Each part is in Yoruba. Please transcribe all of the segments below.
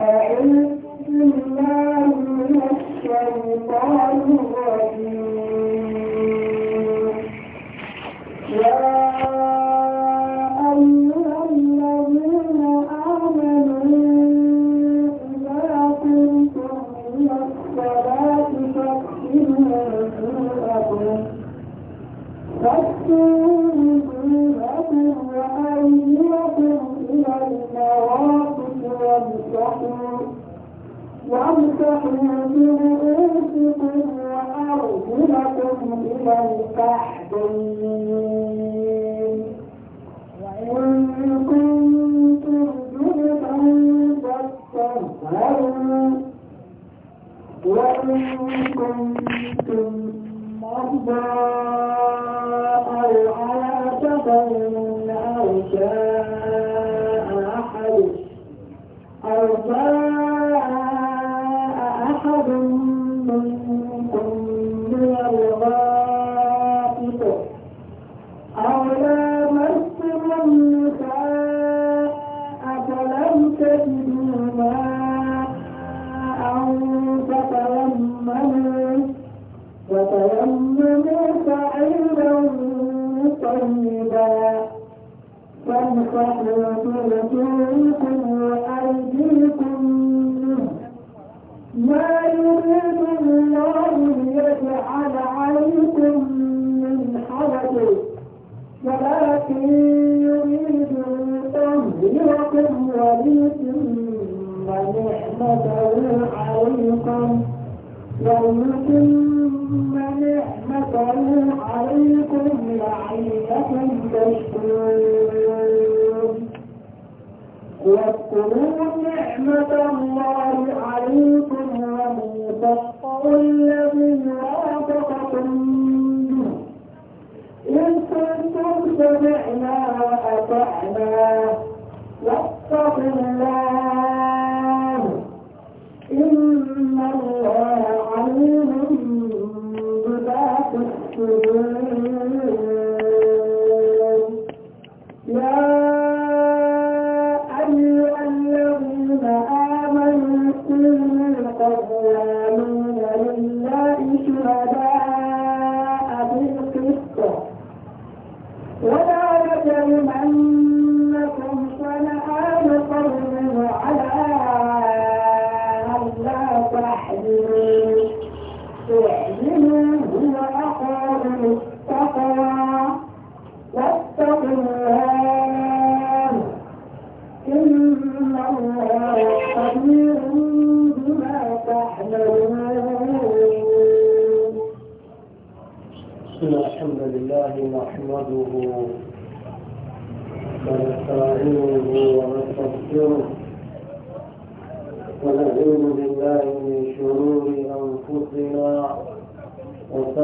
أعوذ بالله من الشيطان الرجيم تشكرون واذكروا نعمة الله عليكم وميثاقه الذي واثقكم به إن كنتم سمعنا وأطعنا واتقوا الله إن الله عليم بما تحسنون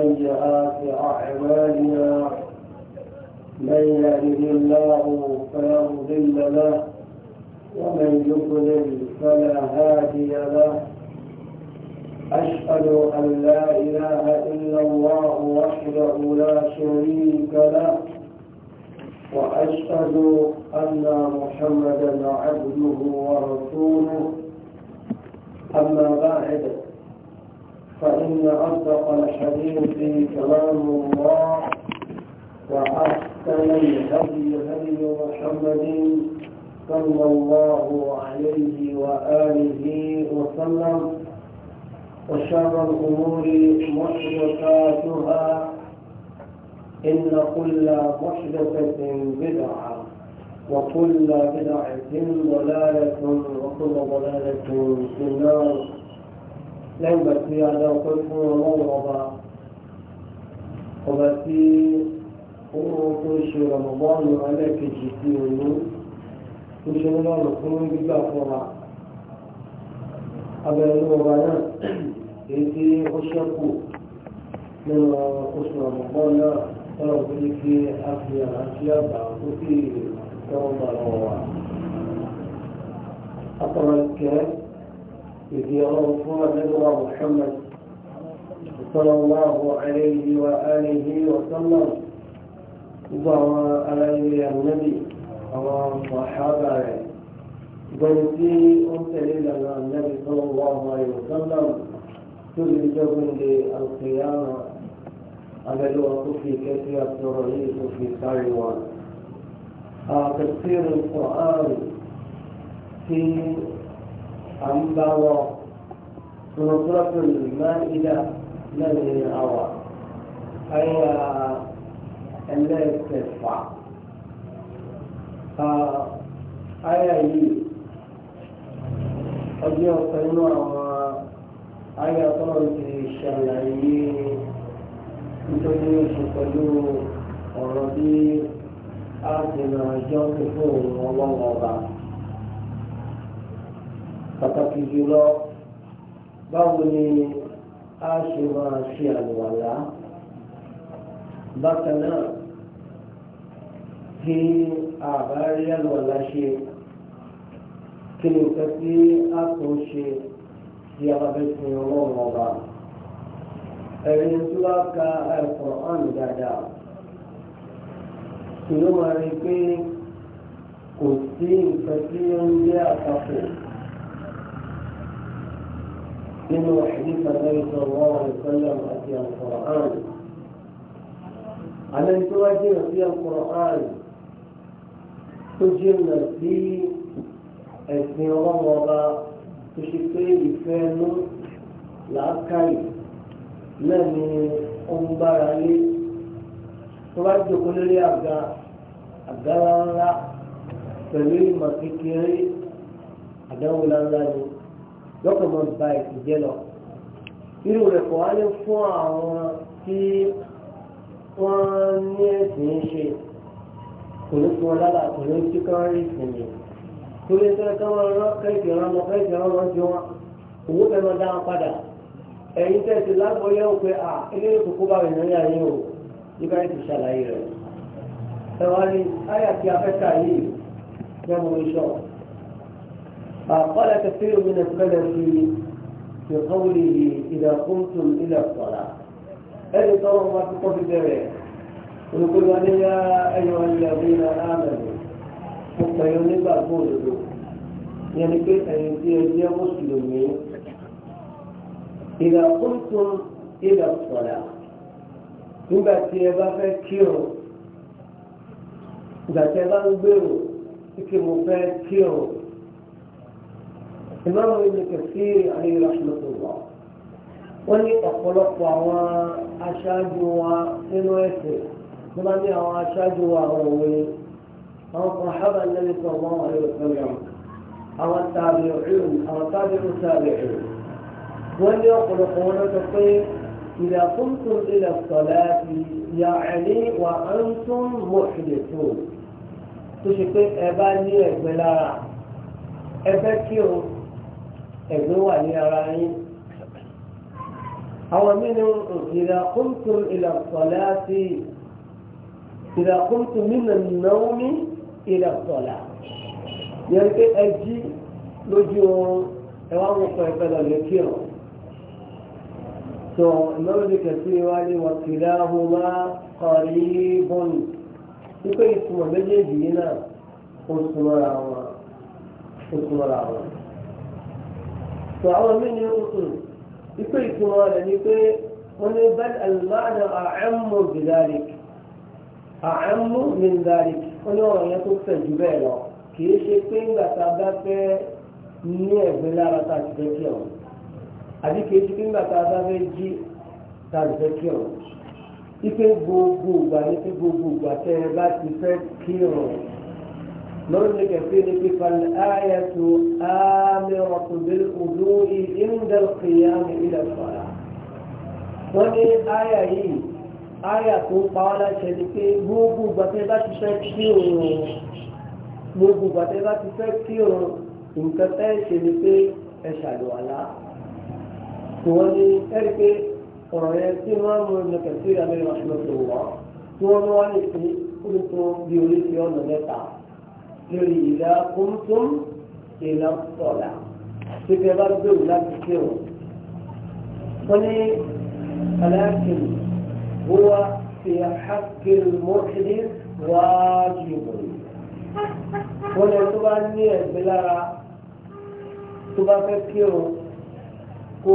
وسيئات أعمالنا من يهده الله فلا مضل له ومن يضلل فلا هادي له أشهد أن لا إله إلا الله وحده لا شريك له وأشهد أن محمدا عبده ورسوله أما بعد فإن أصدق الحديث كلام الله وأحسن الهدي هدي محمد صلى الله عليه وآله وسلم وشر الأمور محدثاتها إن كل محدثة بدعة وكل بدعة ضلالة وكل ضلالة في النار lẹ́yìn ìgbà tí a dá ọpẹ́ fún ọlọ́run ọba ọba tí owó tó ṣe ọ̀rọ̀mọ̀bọ́ọ̀lù ẹlẹ́ẹ̀kejì sí òun tó ṣe ń lọ́rùn fún gbígbà fọ́ra abẹ́rẹ́ ọba náà èyí tí ó ṣẹ́kù nínú oṣù ọ̀rọ̀mọ̀bọ́ọ̀lù náà ọlọ́run tó ní kí a fi àlàáfíà gbà tó sì tẹ́wọ́ gbà lọ́wọ́ wa. Atọ̀rọ̀ ìkẹ́ الله محمد صلى الله عليه وآله وسلم وضعوا عليه النبي وصحابه دوتي أمتلي لنا النبي صلى الله عليه وسلم كل جبن للقيامة على الوقت في كثير الترهيس في تايوان آه، تفسير القرآن في àǹbáwọ̀ sọ̀rọ̀sọ̀rọ̀ máa ń dá lẹ́yìn àwà àyà ẹlẹ́ẹ̀kẹfà. Àyà yìí ọjọ́ ọ̀kan nínú àwọn àyà tọ́lọ̀ ti ṣàlàyé nítorí oṣù pẹ̀lú ọ̀rọ̀ bí a ti máa jọ́ pé ọlọ́wọ́ ọba pàtàkì jùlọ báwo ni a ṣe máa ṣe àlùwàlá bákan náà kí àbárí àlùwàlá ṣe kí ni nǹkan tí a tún ṣe tí a bá fẹ́ sin ọlọ́run ọba ẹ̀rín tí wàá ka ẹ̀kọ́ hàn dáadáa tí ló máa rí pé kò sí nǹkan tí ó àpapọ̀ nínú hadith Nabi sallallahu alaihi wasallam àti Al-Qur'an. Àlẹ́ tó wá jìnà sí Al-Qur'an tó jìnà sí ẹ̀sìn ọlọ́wọ́ ọba tó ṣe pé ìfẹ́ ló làákàyè náà ni ó ń bára lé tó bá jókòó lórí àga àga ńlá pẹ̀lú ìmọ̀ kékeré àdáwò ńláńlá ni lọ́kàn mọ́ ba lọ. irú rẹ̀ kọ́ á lè fún àwọn tí wọ́n ní ẹ̀sìn ṣe kò ní fún ọ kò ní tí kán rí ìsinmi. torí ẹgbẹ́ kan máa rán kẹ́kẹ́ rán lọ kẹ́kẹ́ rán lọ sí wọn òwò fẹ́ máa dá padà. ẹ̀yin tẹ̀sí lágbóyè ó pé à eléyìí kókó bá rẹ̀ náírà yín o nígbà yìí ti ṣàlàyé rẹ̀. ẹ̀wọ̀n قال كثير من السلف في قوله إذا قمتم إلى الصلاة أي طبعا ما تقف الجميع ونقول يا أيها الذين آمنوا حتى ينبع قولوا يعني كيف يا مسلمين إذا قمتم إلى الصلاة nígbà tí ẹ bá fẹ́ kírun ìgbà tí ẹ ń gbèrò kí mo fẹ́ kírun ìmáàmù Ibn Kathir alayhi rahmatullah wọ́n ní ọ̀pọ̀lọpọ̀ àwọn aṣáájú wa nínú ẹ̀sìn tó bá ní àwọn aṣáájú wa àwọn òwe àwọn kan sábà lẹ́nu tó wọ́n wà lórí ìpínlẹ̀ àwọn tabi'un àwọn tabi'u tabi'un wọ́n ní ọ̀pọ̀lọpọ̀ wọn lọ́tọ̀ pé إذا قمتم إلى الصلاة يعني وأنتم محدثون تشكي أباني أبلارا أبكروا ẹ̀gbẹ́ wà ní ara yín àwọn mìíràn ìdá kúntùm ìlà sọ̀láàtì ìdá kúntùm mìíràn náwómi ìlà sọ̀lá yẹn pé ẹ jí lójú oorun ẹ wá wọn kọ ẹgbẹ́ lọ lè kírun tó lórí kẹsí wa ní wàkìlá ahùnmá kọrí bọ́ọ̀lù wípé ìtumọ̀ méjèèjì yìí náà ó súnmọ́ra wọn ó súnmọ́ra wọn tó àwọn mímu ọ̀hún ikú ìtumọ̀ rẹ̀ ni pé wọ́n ní bẹ́ẹ̀ alimáàdà àẹ́mú bìdárík àẹ́mú mìndárík wọ́n ní ọ̀rọ̀ yẹn tó fẹ̀ jù bẹ́ẹ̀ lọ kì í ṣe pé ńgbà tá a bá fẹ́ ní ẹ̀gbẹ́ lára tá a ti fẹ́ kí ọ̀hún àbí kì ṣe pé ńgbà tá a bá fẹ́ jí tá a ti fẹ́ kí ọ̀hún ipe gbogbo ìgbà ní pé gbogbo ìgbà tẹ́ ẹ bá ti fẹ́ kí ọ̀hún. لون كثير فالآية آمرة بالوضوء عند القيام إلى الصلاة وإن آية هي آية قال شريك gbogbo gbàtẹ́ bá ti fẹ́ kírun gbogbo gbàtẹ́ bá ti fẹ́ kírun nǹkan tẹ́ ṣe ni pé ẹ ṣàlùwàlá tí wọ́n ní ẹ̀rí pé ọ̀rọ̀ yẹn tí wọ́n mú ní kẹ̀síra mẹ́rin wá sí lọ́sọ̀rọ̀ wọ́n tí wọ́n mú wá lè fi ó ní tó bí oríṣi ọ̀nà mẹ́ta lórí ìlà kúntún ìlà sọ̀là tí bẹ́ẹ̀ bá gbèrú láti ṣe wọn. wọ́n ní aláàkìn wọ́n fi àkàkìn mọ́kìlì wájú wọn. wọ́n lọ tó bá ní ẹ̀gbẹ́ lára tó bá fẹ́ kírun kó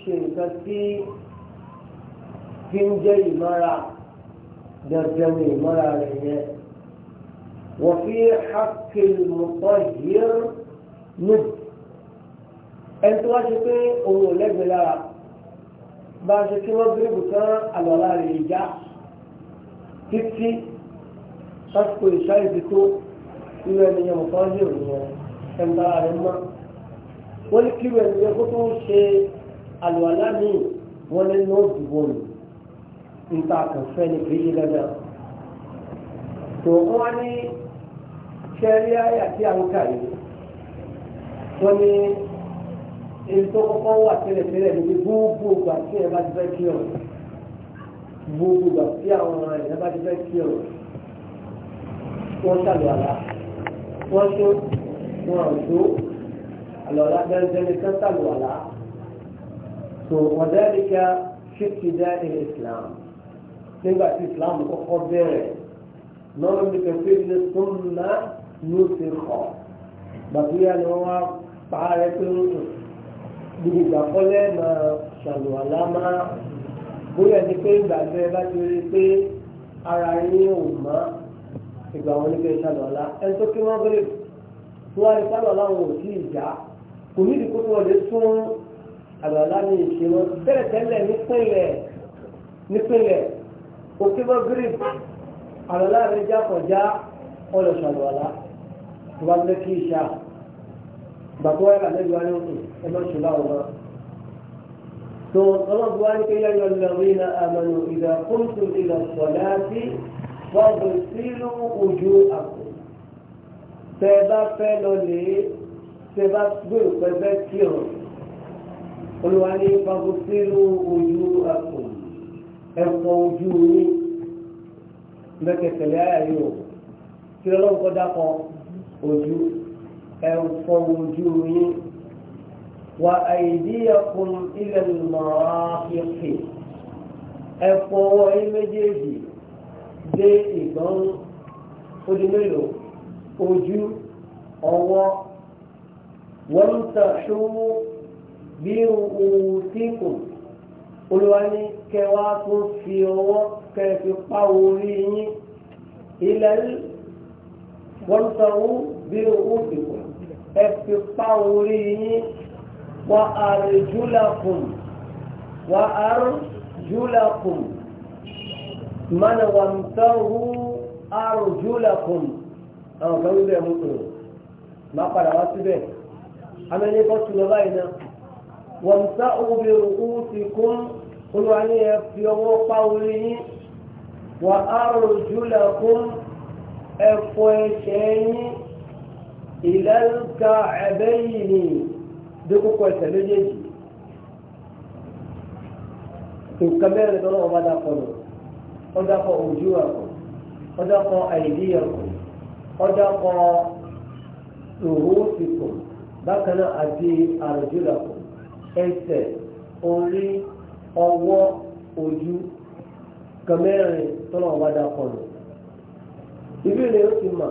ṣe nǹkan tí fi ń jẹ́ ìmọ́ra dandan ní ìmọ́ra rẹ̀ yẹn. وفي حق المطهر ند ẹni tó wá ṣe pé òun ò lẹ́gbẹ̀ẹ́ lára bá a ṣe kí wọ́n gírígù tán àlọ́lá rẹ̀ lè já títí sásìkò ìṣá ìfi tó irú ẹni yẹn nǹkan lè rò yẹn ẹni bá rẹ̀ mọ́ wọ́n ní kí irú ẹni yẹn kó tó ń ṣe àlọ́lá míì wọ́n ní ní ó dìbò nù níta kàn fẹ́ ni kì í ṣe dandan. tòun wá ní kẹrí àyà tí a ń kà yìí wọ́n ní èyí tó kọ́kọ́ wà tẹ́lẹ̀tẹ́lẹ̀ níbi gbogbo ìgbà tí ẹ bá ti fẹ́ kí ọ̀rọ̀ gbogbo ìgbà tí àwọn ẹ bá ti fẹ́ kí ọ̀rọ̀ wọ́n ṣàlùwà lá wọ́n tó wọn ò tó àlọ́lá gbẹ́ngbẹ́ni kan ṣàlùwà lá tó wọ́n dẹ́rẹ́ ká ṣíkì dá ilé Islam nígbà tí Islam kọ́kọ́ bẹ̀rẹ̀ lọ́rọ̀ nípa pé ilé tó ń yóò ṣe kọ̀ gbàgbéyà ni wọ́n wá pa ara rẹ pé ń rò gbogbo ìgbàkọ́lẹ̀ máa ṣàlùwàlá máa bóyá ni pé ìgbàgbé bá ti rí pé ara yín ò mọ́ ìgbà wọn ní pé ṣàlùwàlá ẹni tó kí wọ́n bẹ̀rẹ̀ fún wa ní ṣàlùwàlá wọn ò tí ì kò ní ìdíkó tó wọlé fún àlùwàlá ní ìṣe wọn tẹ́lẹ̀ tẹ́lẹ̀ nípìnlẹ̀ nípìnlẹ̀ òkè wọ́n bẹ̀rẹ̀ àlùwàlá rẹ̀ já kọjá ọlọ́ṣàlùwàlá tó bá fẹ́ kí ìṣá ìgbà tó wáyé kàtẹ́bí wáyé òkè ẹ má ṣe báwọn náà. tó ọlọ́run wáyé pé yá yọ lọ́wọ́ iná àmàlù ìdá kóńtù ìdá sọ̀dá sí wọ́ọ̀bù sílù ojú àpò. tẹ bá fẹ́ lọ lè tẹ bá gbé òpẹ́ fẹ́ kí ọ̀ olùwà ní wọ́ọ̀bù sílù ojú àpò ẹ̀fọ́ ojú yín mẹ́kẹ̀kẹ̀lẹ́ ayé o kí ọlọ́run kọ́ dákọ̀ọ́ ojú ẹ̀fọ́ ojú yín wà àìdíyàkùn ilẹ̀ mọ̀ọ́fíìfì ẹ̀fọ́ ọwọ́ yín méjèèjì dé ìgbọ́n ojú mélòó ojú ọwọ́ wọ́n tàṣúwú bí òwúsíkù olúwa ní kẹwàá tó fi ọwọ́ kẹfì pa orí yín ilẹ̀ wọ́n sọ wọ́n bí owó dìbò ẹ fi pa orí yín wà àrùjúlàkùn wà àrùjúlàkùn mọ́nà wà ń sọ wọ́n àrùjúlàkùn àwọn kan wíwẹ̀ mú kúrò má padà wá síbẹ̀ amẹ́ni kan tún lọ báyìí náà wọ́n sọ wọ́n bí owó ti kún olùwà ẹ fi ọwọ́ pa orí yín wà àrùjúlàkùn ẹ̀fọ́ ẹ̀ṣẹ̀ yín ìlẹ́lùkà ẹ̀bẹ́ yìí ni dókòkò ẹ̀ṣẹ̀ méjèèjì nǹkan mẹ́rin tó lọ́wọ́ bá dákọ̀ lọ ó dákọ̀ ojú àkọ́ ó dákọ̀ àìdí àkọ́ ó dákọ̀ òwò ìkò bákan náà àti àròjù làkọ̀ ẹsẹ̀ orí ọwọ́ ojú nǹkan mẹ́rin tó lọ́wọ́ bá dákọ̀ lọ. Ibi ilẹ̀ yóò ti mọ̀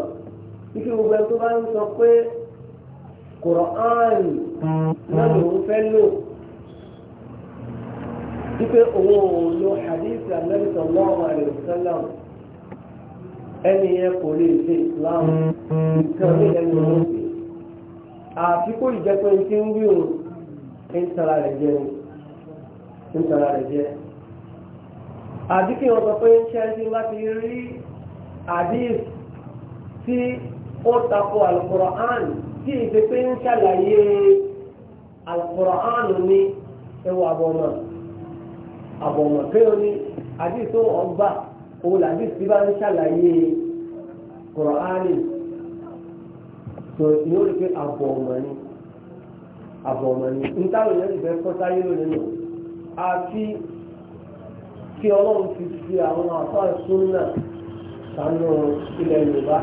ike gbogbo ẹni bá ń sọ pé kùrọ̀ánì náà lòun fẹ́ lò wípé òun ò lo hadith anabi sallallahu alaihi wasallam ẹni yẹn kò lè ṣe islam nǹkan ní ẹni ṣe kó ti ń hadith tí ó takò alukur'an tí ìfipé ń ṣàlàyé alukur'an ní kéwọn ní hadith tó ọgbà òun hadith tí bá ń ṣàlàyé tó ní ó pé àbọ̀mọ̀ ni àbọ̀mọ̀ ni ń lónìí sànú ilẹ̀ yorùbá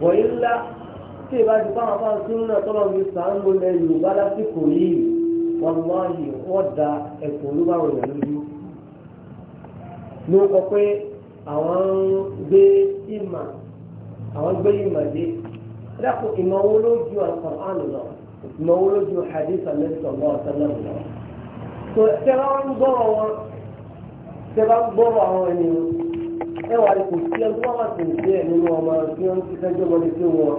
wọ̀nyí ńlá tí ìbá ti fáwọn afáàn tún náà tọ́lọ̀ fi sànú ilẹ̀ yorùbá lásìkò yìí wọn máa yìí wọ́n da ẹ̀kọ́ olúbáwọ̀ yẹn lójú ló kọ pé àwọn gbé ìmà àwọn gbé ìmà dé dákò ìmọ̀ wo ló ju Al-Qur'an lọ ìmọ̀ wo ló ju hadith Ànábì sallallahu alaihi wasallam lọ. tó tẹ́lá ń gbọ́rọ̀ wọn tẹ́lá ń gbọ́rọ̀ àwọn ènìyàn ẹ wà ní kò sí ẹni tó wà sí ìdí ẹ̀ nínú ọmọ tí wọ́n ti fẹ́jọ́ ọmọdé tí wọ́n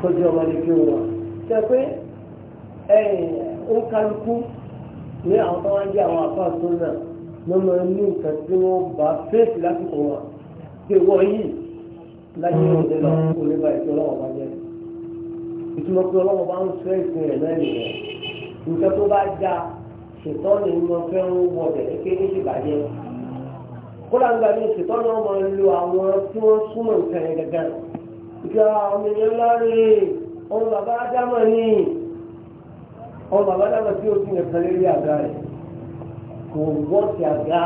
tọ́jú ọmọdé tí wọ́n ṣe pé ó ń kálukú ní àwọn tó wá ń jẹ́ àwọn àbá tó náà ló mọ ní nǹkan tí wọ́n bá fèsì lásìkò wọn pé wọ́n yìí láyé òde lọ kó lè ba ètò ọlọ́wọ́ bá jẹ́ ìtumọ̀ pé ọlọ́wọ́ bá ń fẹ́ ìsìn rẹ̀ náà nìyẹn nǹkan tó bá já ṣètọ́ ni mo fẹ́ ń wọ̀ bẹ̀rẹ̀ pé kódà ń gba ní ìṣètò náà máa ń lo àwọn tí wọ́n súnmọ́ nǹkan yẹn gẹ́gẹ́ ìjọ ọmọ ènìyàn láre ọmọ bàbá dámọ̀ ní ọmọ bàbá dámọ̀ tí ó ti yẹn kan lérí àga rẹ̀ kò wọ́ sí àga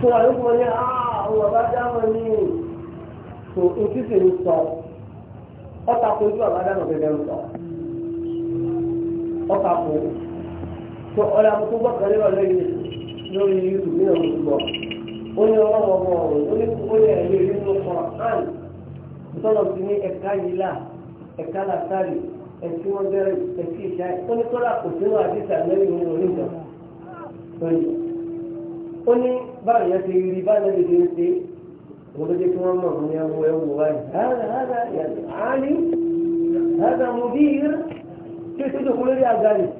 tó wà lóko wọn ní àwọn bàbá dámọ̀ ní tó etí sì ń sọ ọta kò ojú bàbá dámọ̀ gẹ́gẹ́ ń sọ ọta kò tó ọ̀là àbùkù gbọ́kànlé wà lórí irú ní ọ̀gbọ̀ ó ní ọlọ́wọ́ ọmọ ọ̀rọ̀ ó ní kókó ní ẹ̀rí rí ní Kùránì ìtọ́nà ti ní ẹ̀ka yìí là ẹ̀ka làtàrí ẹ̀sí wọn bẹ̀rẹ̀ ẹ̀sí ìṣá ó ní tọ́lá kò sínú àdìsá lẹ́yìn ohun oníjà ó ní báyìí yẹn ti rí báyìí lẹ́yìn ti ń ṣe wọ́n ló jẹ́ kí wọ́n mọ̀ ní ẹwọ ẹwọ báyìí hádà hádà yàtọ̀ àálí hádà mo bí yìí rẹ̀ tí ó ṣe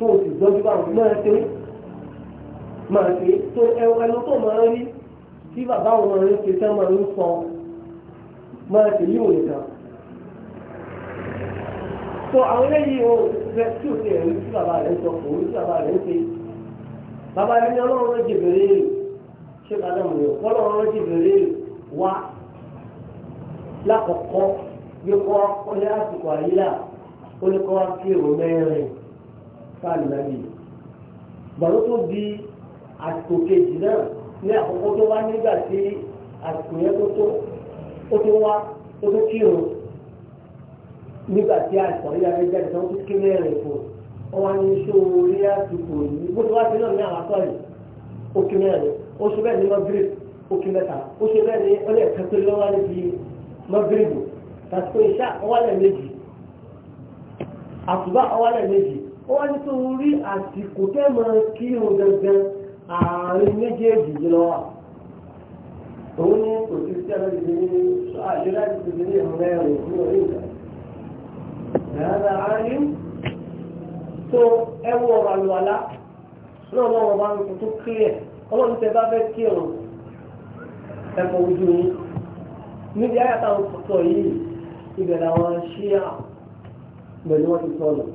tó o sì gbọ́dọ̀ bá wọn máa ṣe máa ṣe tó ẹnu tó máa rí tí bàbá wọn máa ń ṣe tán máa ń sọ máa ṣe yí òun nìkan. tó àwọn eléyìí o fẹ́ tí o ṣe ẹ̀rí tí bàbá rẹ̀ ń sọ kò ní tí bàbá rẹ̀ ń ṣe. bàbá rẹ̀ ní ọlọ́run rẹ̀ jèbèrè ṣé bàbá mi ò kọ́ ọlọ́run rẹ̀ jèbèrè wá lákọ̀ọ́kọ́ bí kọ́ ọ́ ní àsìkò àyílà ó ní kọ́ wá kí fáàlìmẹ́bì gbàgbọ́ tó di àsìkò kejì náà ní àkókò tó wá nígbà tí àsìkò yẹn tó tó ó tó wá ó tó kírun nígbà tí àìsàn yíyá rẹ jáde tó ń kí mẹ́rin fún wọn wá ní iṣẹ́ orí àsìkò yìí bó ti wá sí náà ní àwọn àtọ́ yìí ó kí mẹ́rin ó ṣe bẹ́ẹ̀ ní mọ́gírì ó kí mẹ́ta ó ṣe bẹ́ẹ̀ ní ọlẹ́ kẹpẹ́ lọ́wọ́ níbi mọ́gírì bò tàbí iṣẹ́ ọwọ́lẹ̀ méjì àtùbá ọwọ́lẹ̀ méjì wọ́n ní tó rí àsìkò tẹ́ máa kí irun gangan àárín méjèèjì yìí lọ́wọ́ òun ní kò sí sí ẹ̀rọ ìdílé ní àdúrà ìdílé ní ìhùn ní orí ìgbà ìhàdà àárín tó ẹwọ ọ̀rọ̀ àlùwàlá náà wọ́n wọ́n bá ń tuntun kílẹ̀ ọlọ́run tẹ bá fẹ́ kí irun ẹ̀fọ́ ojú yín níbi ayàtà ń sọ yìí ìbẹ̀rẹ̀ àwọn ṣíà pẹ̀lú wọn ti sọ̀rọ̀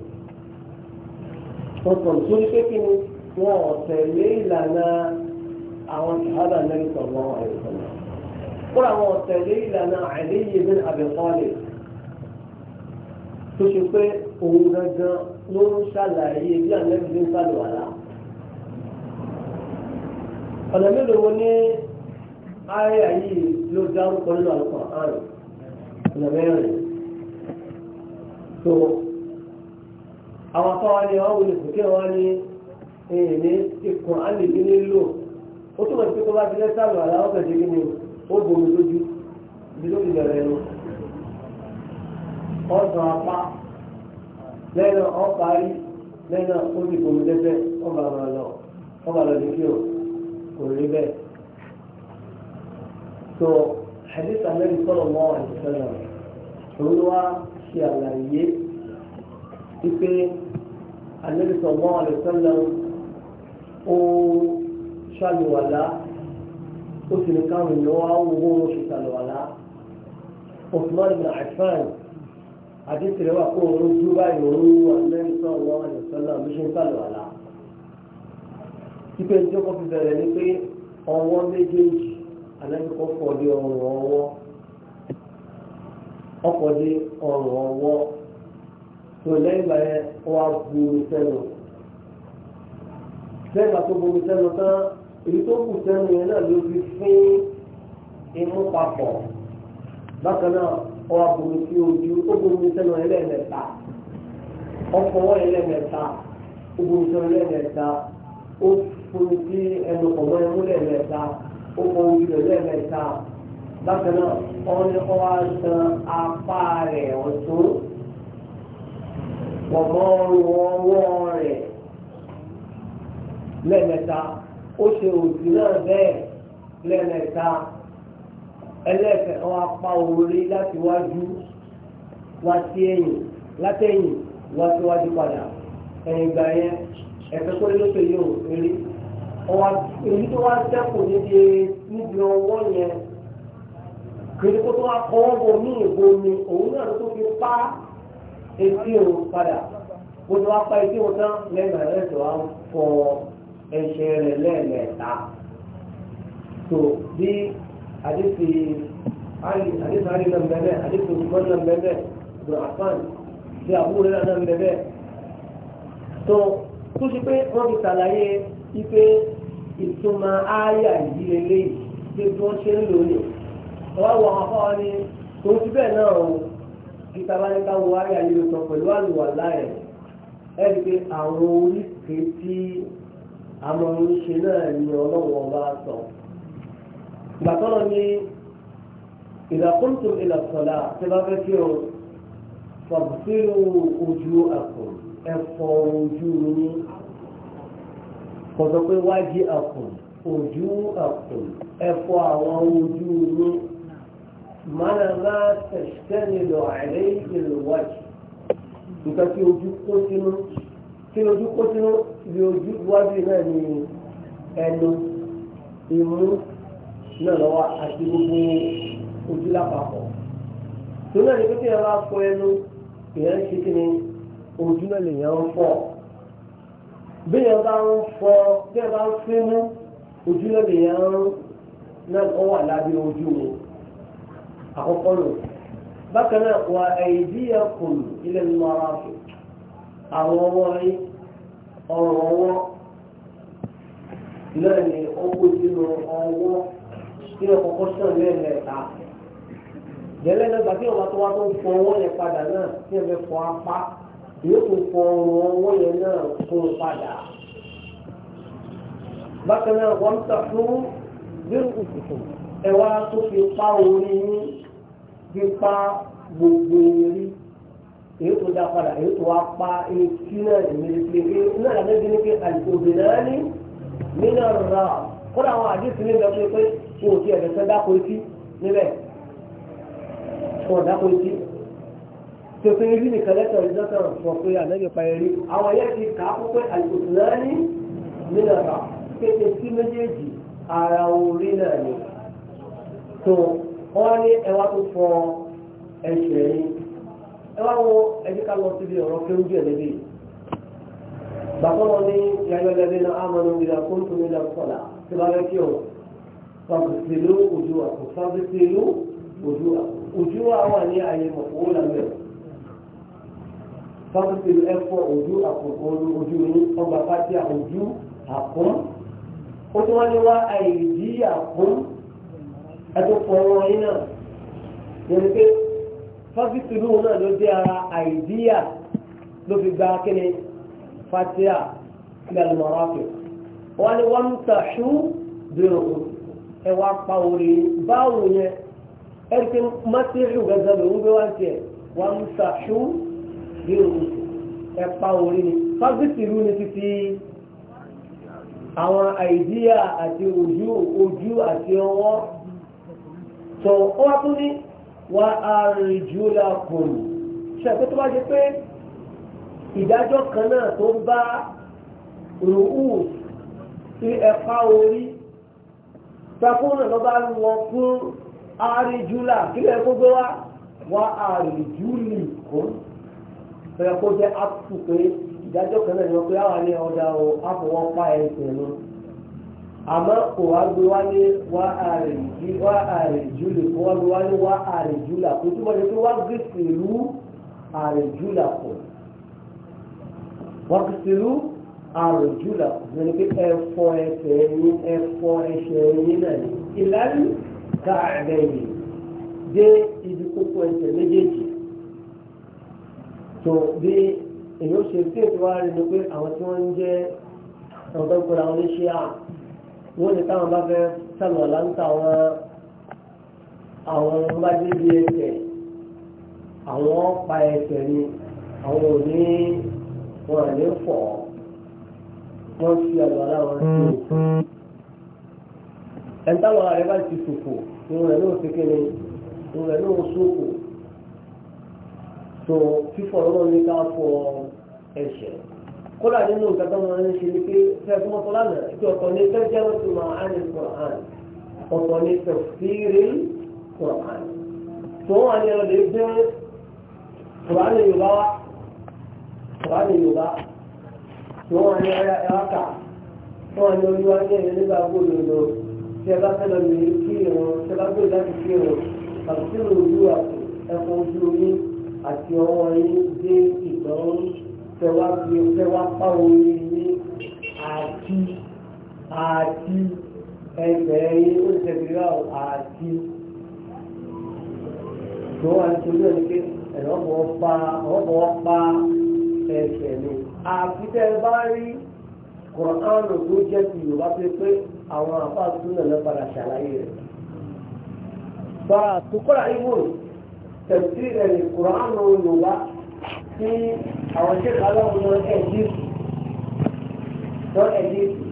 tuntun torí pé kí ni wọn ò tẹ̀lé ìlànà àwọn sàhábà Ànábì sallallahu alaihi wasallam kúrò àwọn ò tẹ̀lé ìlànà Ali ibn Abi Talib tó ṣe pé òun gangan ló ń ṣàlàyé bí Ànábì ń sàlùwàlà ọ̀nà mélòó wo ní àyà yìí ló dárúkọ nínú Al-Qur'an ọ̀nà mẹ́rin àwọn afáwa ni àwọn olùkùnkẹ́ wọn ni èyí ní ikùn á lè ní lò ó túmọ̀ sí pé kó bá ti lẹ́sà lọ àlà ọ̀fẹ́ ṣe kí ni ó bomi lójú ibi tó ti bẹ̀rẹ̀ lọ ọ̀sán apá lẹ́nu ọ̀parí lẹ́nu ó ti bomi lẹ́sẹ̀ ọ̀bà lọ ọ̀bà lọ ní kí o kò rí bẹ́ẹ̀. tó hadith anabi sọ̀rọ̀ mọ́ àìsàn náà òun wá ṣe àlàyé wípé. النبي صلى الله عليه وسلم ṣàlùwàlá ó sì ní káwọn ìnáwó owó wọn ṣe ṣàlùwàlá Uthman ibn Affan àdìsílẹ̀ wà kó òun dúró báyìí òun wà lẹ́yìn sọ́ọ̀ wọn àti ló ṣe ń ṣàlùwàlá. Ipe ìjọ kan fi bẹ̀rẹ̀ ni pé ọwọ́ méjèèjì alẹ́nukọ́ fọ́ di ọrùn ọwọ́ ọkọ̀ di ọrùn ọwọ́ tó lẹ́yìn báyẹn wá bu omi sẹ́nu lẹ́yìn bá tó bu omi sẹ́nu tán èyí tó kù sẹ́nu yẹn náà ló fi fín imú papọ̀ bákan náà wá bu omi sí ojú ó bu omi sẹ́nu yẹn lẹ́ẹ̀mẹ́ta ọfọwọ́ yẹn lẹ́ẹ̀mẹ́ta ó bu omi sẹ́nu lẹ́ẹ̀mẹ́ta ó fomi sí ẹnu kọ̀ọ̀mọ́ ẹmú lẹ́ẹ̀mẹ́ta ó fọ ojú rẹ̀ lẹ́ẹ̀mẹ́ta bákan náà wọ́n ní ọwọ́ àṣà apá rẹ̀ ọ̀tún ọ̀mọ́ ọwọ́ rẹ̀ lẹ́mẹ̀ta ó ṣe òsì náà bẹ́ẹ̀ lẹ́mẹ̀ta ẹlẹ́fẹ̀ wọn apá orí láti wájú wá sí ẹ̀yìn látẹ̀yìn wá síwájú padà ẹ̀yìn ìgbà yẹn ẹ̀fẹ́ kó ló pè yóò eré èyí tó wá sẹ́kù níbi níbi ọwọ́ yẹn kìrìkó tó wá kọ́ ọ́ bò ní ìbomi òun náà tó fi pa á etí o padà mo ti wá pa etí o tán lẹ́nu ẹ̀rẹ́ tó wá ń fọ ẹsẹ̀ rẹ̀ lẹ́ẹ̀mẹ́ta tó bí àdéhùn àdéhùn àdéhùn náà bẹ̀rẹ̀ àdéhùn òṣùpọ̀ náà bẹ̀rẹ̀ dùn àfàn bí àbúrò náà náà bẹ̀rẹ̀ tó tó ṣe pé wọ́n ti ṣàlàyé ipe ìtumọ̀ ááyà yìí lélẹ́yìí bí wọ́n ṣe ń lò ní. ọ̀wá wọ̀ àwọn ni òun ti bẹ́ẹ̀ náà o ju tabalẹ́ka wo ayé ayélujára pẹ̀lú àlùwàlá ẹ̀ ẹ̀rí pé àwọn oríkèé tí àmọ́ ń ṣe náà ni ọlọ́wọ́ bá sọ. gbàtọ́nà ní ìdàkùntù ìlàsọ̀lá tí bá fẹ́ kí o fàbùsílù ojú àkùn ẹ̀fọ́ ojú ní kọ̀tọ̀ pé wájú àkùn ojú àkùn ẹ̀fọ́ àwọn ojú ní. معنى ما تشتمل عليه الوجه nǹkan tí ojú kó sínú tí ojú kó sínú ibi ojú wájú náà ni ẹnu imú náà lọ́wọ́ àti gbogbo ojú lápapọ̀ tó náà ní pípẹ́ yẹn bá fọ ẹnu èèyàn ṣe kí ni ojú náà lèèyàn ń fọ bí yẹn bá ń fọ bí yẹn bá ń fínú ojú náà lèèyàn náà wà lábẹ́ ojú wọn àkọ́kọ́ nù bákan náà wà aydiyakum ila al-marafiq àwọn ọwọ́ yín ọrùn ọwọ́ náà ni ó kó sínú ọwọ́ kí ló kọ́kọ́ sàn lẹ́ẹ̀mẹ́ta jẹ́lẹ́ náà gbàgbé ọ̀gá tó wá tó ń fọ ọwọ́ yẹn padà náà tí ẹ fẹ́ fọ apá yóò tún fọ ọrùn ọwọ́ yẹn náà fún un padà. bákan náà wọ́n ń tà fún bí ẹ wá tó fi pa orí yín pípa gbogbo eré èyí tó dá padà èyí tó wá pa etí náà ìmìlẹ̀kì eré náà lọ́dún bí ní pé àìkòbè náà ní nínú ọ̀rọ̀ kódà àwọn àdìsí ní ìgbà pé kí òkè ẹ̀rẹ̀ fẹ́ dáko etí níbẹ̀ wọn dáko etí tòfin ibi nìkan lẹ́tọ̀ ìjọ́sọ̀ sọ pé ànágbè pa eré àwọn yẹn ti kà á kó pé àìkòbè náà ní nínú ọ̀rọ̀ kéde sí méjèèjì ara orí náà ni tó wọ́n á ní ẹwà tó fọ ẹsẹ̀ yìí ẹwà wo ẹbí ká lọ síbi ọ̀rọ̀ kéwújú ẹ̀ níbí bàbá wọn ní yàgbẹ́lẹ́bí náà amọ̀nà ìlà kóńtò nílẹ̀ sọ̀là tí wọ́n bá kí ọ̀ fàbùsìlú ojú àpò fàbùsìlú ojú àpò ojú wa wà ní ayé mọ̀kòwó làbẹ̀ fàbùsìlú ẹ̀fọ́ ojú àpò ojú ní ọgbà pátí ojú àpò ó tún wá ní wá àìdí àpò ẹtùkọ̀ wọn yín náà yẹn pé fásitì lóhùn náà ló dé ara àìdíyà ló fi gba kíni fatia ilẹ̀ alùmọ̀ràfẹ́ wọn ni wọn ń tàṣú bẹ̀rù ẹ wá pa òrè báwo yẹn ẹni pé mọ́tíríù gẹ́gẹ́ ló ń gbé wá ń wọn ń tàṣú bẹ̀rù ẹ pa òrè ni fásitì lù ní títí àwọn àìdíyà àti ojú ojú àti ọwọ́ tó ó wá tún ní wà á rìn jù lákòrò ṣàpẹ́ tó bá jẹ pé ìdájọ́ kan náà tó ń bá rùú sí ẹ̀ka orí takúnà ló bá ń wọ fún àríjúlà kílẹ̀ gbogbo wa wà àríjúlì kò fẹ́ kó jẹ́ àtúpé ìdájọ́ kan náà ni wọ́n pé àwọn ilé ọjà o àfọwọ́pá ẹ̀sìn lọ àmọ́ kò wá gbé wá ní wá àrèjì wá àrèjù lè kó wá gbé wá ní wá àrèjù là kó túbọ̀ ní pé wá gbé pẹ̀lú àrèjù là kó wá gbé pẹ̀lú àrèjù là kó ní pé ẹfọ ẹsẹ̀ ẹyin ẹfọ ẹsẹ̀ ẹyin náà ni ìlànà káàdẹ̀yìn dé ibi kókó ẹsẹ̀ méjèèjì tó bí èyí ó ṣe tí ètò rí ni pé àwọn tí wọ́n ń jẹ́ ọ̀dọ́gbọ̀n àwọn oníṣẹ́ àná wọ́n ní táwọn bá fẹ́ sàlùwà láńtà àwọn àwọn bá dé bí ẹsẹ̀ àwọn pa ẹsẹ̀ ni àwọn ò ní wọn à ní fọ̀ wọ́n fi àlùwà láwọn sí hmm. òkú ẹni táwọn ààrẹ bá ti sòfò ìwọ̀n rẹ̀ náà kékeré ìwọ̀n rẹ̀ náà sòfò tó fífọ̀ lọ́wọ́ ní ká fọ ẹsẹ̀ kódà nínú nǹkan tó máa ń ṣe ni pé fẹ́ẹ́ tó mọ́tò lánàá tí ọ̀tọ̀ ní fẹ́ẹ́ jẹ́ wọ́n ti máa á ní kùrán ọ̀tọ̀ ní tẹ̀síìrì kùrán tó wà ní ọ̀dẹ̀ gbé kùrán yorùbá wa kùrán yorùbá tó wà ní ẹ̀rọ kà tó wà ní olúwa ní ẹ̀yẹ nígbà gbòdòdò tí ẹ bá fẹ́ lọ lè kí irun tí ẹ bá gbòdò láti kí irun àti tí ìròyìn àti ẹ̀kọ́ ojú omi àti ọwọ́ yín dé ìtọ́rọ́ tẹwà fi tẹwà pa orí ní àti àti ẹgbẹ̀ ẹ̀yẹ ó ti tẹ̀lé ra àti tó wà ní torí ẹni pé ẹ̀rọ̀bọ̀ pa ọ̀bọ̀ pa ẹsẹ̀ ni àfi tẹ́ bá rí kọ̀ọ̀nù tó jẹ́ ti yorùbá pé pé àwọn àfáàtú náà lọ padà ṣàlàyé rẹ̀. Gba àtúkọ́ra ìwòrò tẹ̀sí rẹ̀ ní yorùbá tí àwọn tí ìka lọ́wọ́ wọn ẹ̀dí ìsù wọn ẹ̀dí ìsù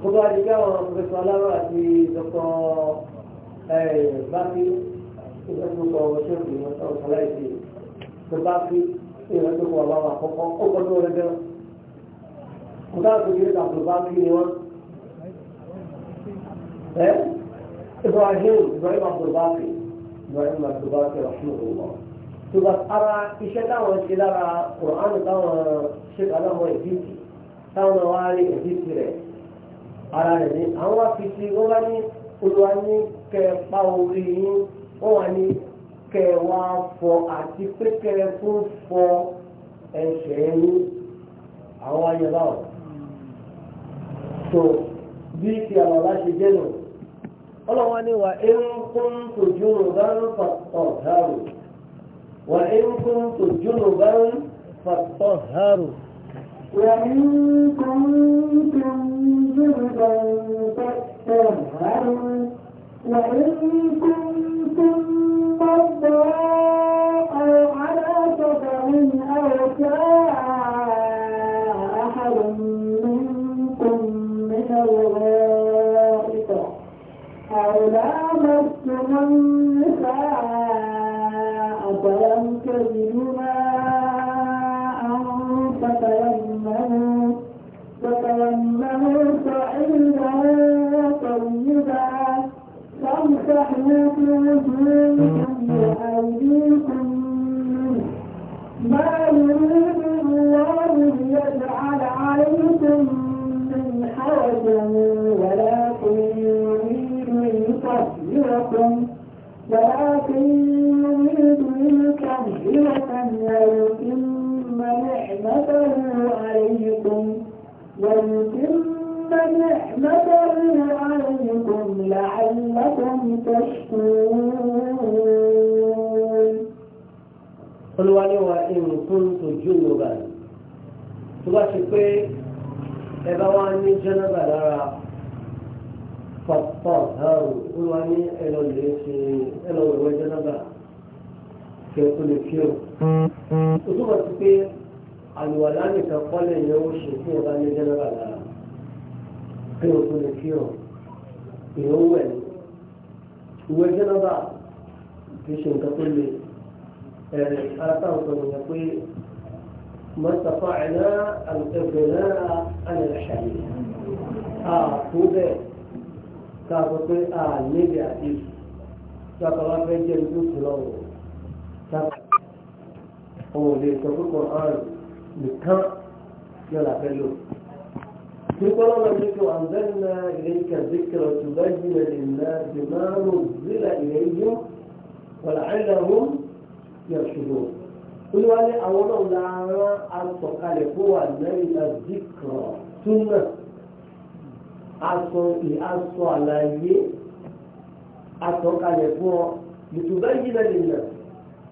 kó bá di pé àwọn pẹ̀sọ̀ aláwọ̀ àti dọ́kọ̀ báfi ìgbàgbọ́ ọ̀ṣẹ́ òkè wọn sọ̀rọ̀ sọ̀rọ̀ láìsí tó báfi ìrẹ́dọ́kọ̀ ọ̀bá wọn àkọ́kọ́ ó kọ́ tó rẹ̀ gan. kó dáa tó kéré kàtó báfi ni wọn. ẹ eh? Ibrahim Ibrahim Abdul Baqi Ibrahim Abdul Baqi rahmanuhu Allah tuba ara iṣẹ́ táwọn ṣe lára kùránù táwọn ṣe kàdá ọmọ ìdíjì táwọn wá rí ìdíjì rẹ̀ ara rẹ̀ ní àwọn wá fi ti wọ́n bá ní olúwa ní kẹpa orí yín wọ́n wá ní kẹwà fọ àti pé kẹrẹ fún fọ ẹsẹ̀ yín àwọn ayé báwọn. tó bí ti àwọn aláṣẹ jẹ́ nù ọlọ́wọ́n ni wà é kún tòjú rò bá ń fà وإن كنتم جنبا فاطهروا وإن كنتم جنبا فاطهروا وإن كنتم مرضى أو على سفر أو جاء أحد منكم من الغائط أو لامستم النساء فلم تجدوا ماء فتيمموا فتيمموا صعيدا طيبا فامسحوا بوجوهكم وأيديكم منه ما يريد الله ليجعل عليكم من حرج ولكن يريد ليطهركم ولكن مغفرة ويتم نعمته عليكم ويتم نعمته عليكم لعلكم تشكرون قل ولو إن كنت جنبا تبشر ẹ̀bá wá ní jẹ́nàbà lára pọ̀pọ̀ ọ̀hún wá ní ẹlọ́lẹ̀ ṣe ẹlọ́wẹ̀wẹ̀ jẹ́nàbà kí ẹ tó lè kí o. o túbọ̀ sí pé àlùwàlá nìkan kọ́lẹ̀ yẹn ó ṣe tí ẹ bá ní jẹ́nẹ́rà lára kí ẹ tó lè kí o. ìyẹn ó wẹ̀ ní. ìwé jẹ́nẹ́rà kì ṣe nǹkan tó le. ẹ̀rẹ̀ ara táwọn sọ pé mọ́tàfà ẹ̀ná àlùfẹ́fẹ́ náà àlẹ́ ṣàlẹ̀. ààtò bẹ́ẹ̀ ká sọ pé àlẹ́ bí àdéhùn. sábà wá fẹ́ jẹ́ ìdúró sí lọ́wọ́ sáà òun lè sọ pé Kùránì nìkan yọ̀là fẹ́ lò. Nípa lọ́wọ́ ní kí wọ́n bẹ́ẹ̀ na ilé ìka zikra tó bá jìnà lè na jùmọ́nù zílà ilé yó wàlá àìlàwó yọ̀ṣùgbọ́. Olúwa ní àwọn náà lára asọ̀kalẹ̀ fún wa lẹ́yìn na zikra túnà. Aṣọ ìhásọ àlàyé asọ̀kalẹ̀ fún ọ. Ìtùbá jìnà lè nà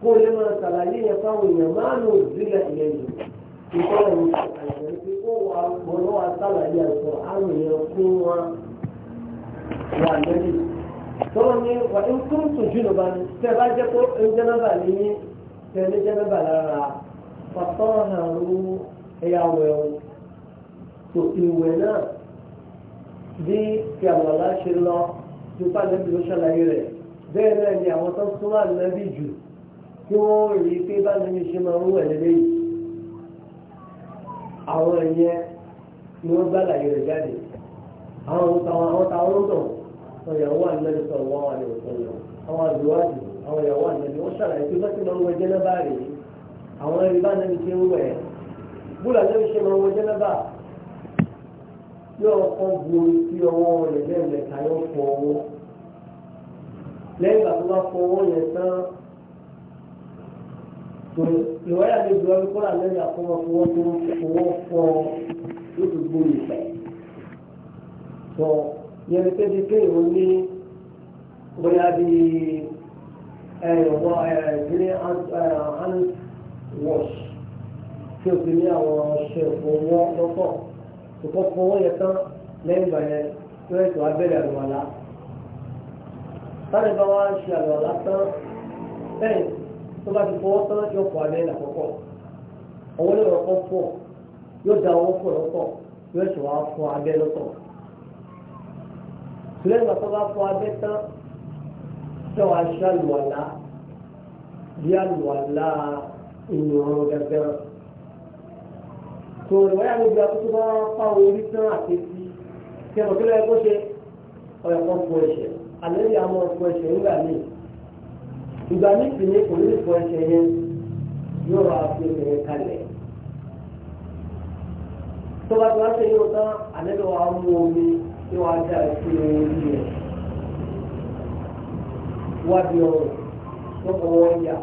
kó lè máa ṣàlàyé yẹn fáwọn èèyàn máa lò sílẹ̀ ìyẹn yìí ìtọ́lẹ̀ ní àìsàn pé kó wà gbọ́dọ̀ wà ṣàlàyé àìsàn àwọn èèyàn fún wa wà lẹ́yìn. tọ́lọ́ ní wà ń tún tún jùlọ bá ní tẹ́ bá jẹ́ kó ń jẹ́nàbà ní tẹ̀lé jẹ́nàbà lára pàtó àrùn ẹ̀yà wẹ̀ tó ìwẹ̀ náà bí ti ṣe lọ tó bá lẹ́bi ló ṣàlàyé rẹ̀ bẹ́ẹ̀ náà ni àwọn tó ń súnmọ́ àlẹ́bí jù tí wọ́n rí pé bá lẹ́ni ṣe máa ń wẹ̀ lélẹ́ yìí àwọn ẹ̀yẹ ni wọ́n gbá làyè rẹ̀ jáde àwọn àwọn táwọn ń dàn àwọn ìyàwó àlejò sọ̀rọ̀ wọn wà ní òkun lọ àwọn àdúrádì àwọn ìyàwó àlejò wọ́n ṣàlàyé pé bọ́sẹ̀ máa ń wẹ̀ jẹ́nẹ́bà rè é àwọn ẹ̀rí bá lẹ́ni ṣe ń wẹ̀ búlà lẹ́ni ṣe máa ń wẹ̀ jẹ́nẹ́bà yóò kọ́ bu sí ọwọ́ rẹ̀ lẹ́ẹ̀mẹ́ta tó ìwáyà mi gbọ́ mi kọ́ra lẹ́yìn àkọ́mọ fowó tó fowó fọ́ lódùgbò ìfẹ́ tó yẹn ní kéde pé òun ní bóyá bí ẹ̀rọ ẹ̀ẹ́dínlẹ́ hand wash tí o ti ní àwọn ọṣẹ ìfowó lọ́tọ̀ ìfọ́ fowó yẹn tán lẹ́yìn ìgbà yẹn tó yẹ tó abẹ́rẹ́ àlùwàlá sáré bá wá ń ṣe àlùwàlá tán bẹ́ẹ̀ tó bá ti fọwọ́ tán yóò fọ abẹ́ ìlà pọ̀pọ̀ ọwọ́ lè rọ̀pọ̀ pọ̀ yóò da ọwọ́ pọ̀ lọ́pọ̀ yóò ṣe wá fọ abẹ́ lọ́pọ̀ lẹ́yìn ìgbà tó bá fọ abẹ́ tán tẹ́ wàá ṣe àlùwàlá bí àlùwàlá ìnùrọ̀ gẹ́gẹ́ tó rẹ̀ wáyà níbi àkókò bá fá orí tán àti ti kẹ́kọ̀ọ́ kí lóye kó ṣe ọ̀yọ̀ fọ ẹ̀ṣẹ̀ àlẹ́ yìí àwọn ọ̀pọ̀ ẹ̀ṣẹ̀ nígbà míì ìgbà méjì ní kò ní fọ ẹsẹ̀ yẹn yóò wá fi obìnrin kalẹ̀ tó bá tó wá ṣe yóò tán àlejò wa mú omi tí wàá dá ìṣe orí rẹ̀ wádìí ọrùn lọ́kọ̀ wọ́n yà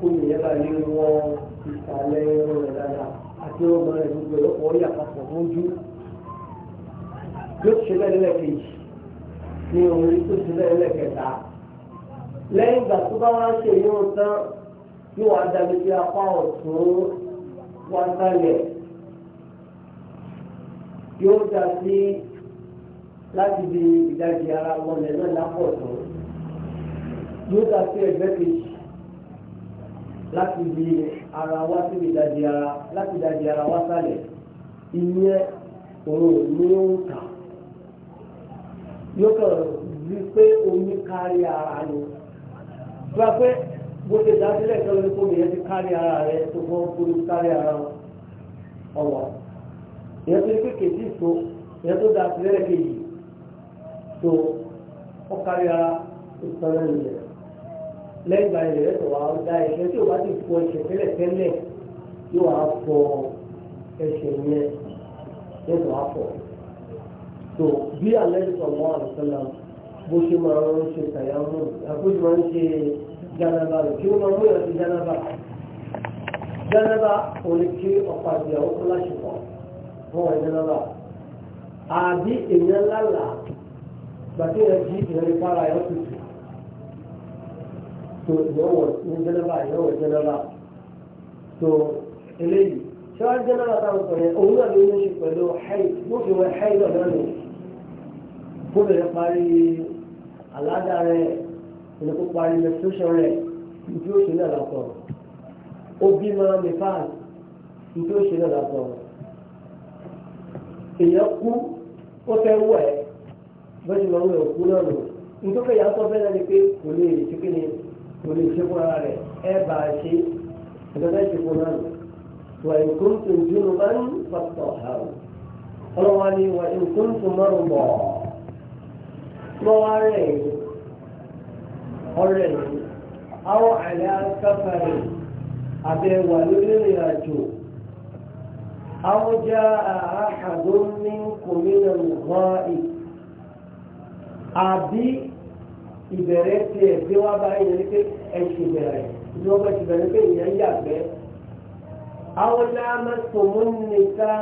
kó mi yẹ bá rí wọn ìsàlẹ̀ irun rẹ̀ dáadáa àti ọmọ rẹ̀ gbogbo lọ́kọ̀ wọ́n yà papọ̀ mọ́jú yóò ṣe bẹ́ẹ̀ lẹ́ẹ̀kejì ní orí tó ṣe bẹ́ẹ̀ lẹ́ẹ̀kẹta lẹ́yìn ìgbà tó bá wá ṣe yóò tán yóò wá dàbí sí apá ọ̀tún wá sálẹ̀ yóò dà sí láti di ìdajì ara mọ́lẹ̀ náà lápọ̀ tán yóò dà sí ẹgbẹ́ kejì láti di ara wá sí ìdajì ara láti ìdajì ara wá sálẹ̀ ìyẹn òun ò ó ń kà yóò kàn rí pé omi kárí ara ni gba pé bó ṣe dá sílẹ̀ tó lè kó nìyẹn ti kárí ara rẹ tó fọ́ kúrú kárí ara ọ̀wọ́ ìyẹn tó ní pé kèsì so ìyẹn tó dá sílẹ̀ kejì so ó kárí ara ìtọ́lẹ̀ nìyẹn lẹ́yìn ìgbà yẹn rẹ̀ tó wà á da tí o bá ti fọ ẹ̀ṣẹ̀ tẹ́lẹ̀ tẹ́lẹ̀ yóò wá fọ ẹ̀ṣẹ̀ yẹn yóò wá fọ so bí alẹ́ sọ̀rọ̀ àlùfẹ́ náà bó ṣe máa ń ṣe tàyàmù bó ṣe máa ń ṣe jánaba rẹ̀ kí ó máa mú ìrántí jánaba jánaba ò lè kí ọ̀pá ìyàwó kó láṣepọ̀ wọ́n wọ̀ jánaba àbí èèyàn lálàá gbàtí rẹ̀ jí ìrẹ́lẹ̀ fara ẹ̀ ọ́tútù tó ìyọ̀wọ̀ ní jánaba ìyọ̀wọ̀ jánaba tó eléyìí ṣọ́wá jánaba táwọn sọ̀rọ̀ yẹn òun náà ló ń ṣe pẹ̀lú haid bó ṣe wọ haid ọ̀dọ́ nù àládà rẹ̀ ìlú kó parí menstruation rẹ̀ ìdí òṣèlú náà lọ́sọ̀ ó bímọ nípaàs ìdí òṣèlú náà lọ́sọ̀ èèyàn kú ó fẹ́ wẹ̀ bó ti máa ń wẹ̀ òkú náà lò nítorí ìyá sọ bẹ́ẹ̀ náà ni pé kò lè ṣe kí ni kò lè ṣe fúnra rẹ̀ ẹ bá a ṣe ìjọba ṣe fúnra rẹ̀ wà ìkóńtò ìdúró bá ń pàtó àwọn ọlọ́wà ni wà ìkóńtò márùn-ún bọ̀ọ̀ lọ́wọ́ rẹ̀ yìí ọ̀rẹ́ yìí àwọn àlẹ́ akáfàrí àbẹ̀wà lórí ìrìn àjò àwọn jẹ́ àhàdó ní kòmínà mọ́ì àbí ìbẹ̀rẹ̀ ti ẹ̀gbẹ́ wá báyìí ní pé ẹ̀ṣù bẹ̀rẹ̀ ní ọgbà ti bẹ̀rẹ̀ pé ìyẹn yàgbẹ́ àwọn jẹ́ àmọ́sọ̀mọ́ nìkan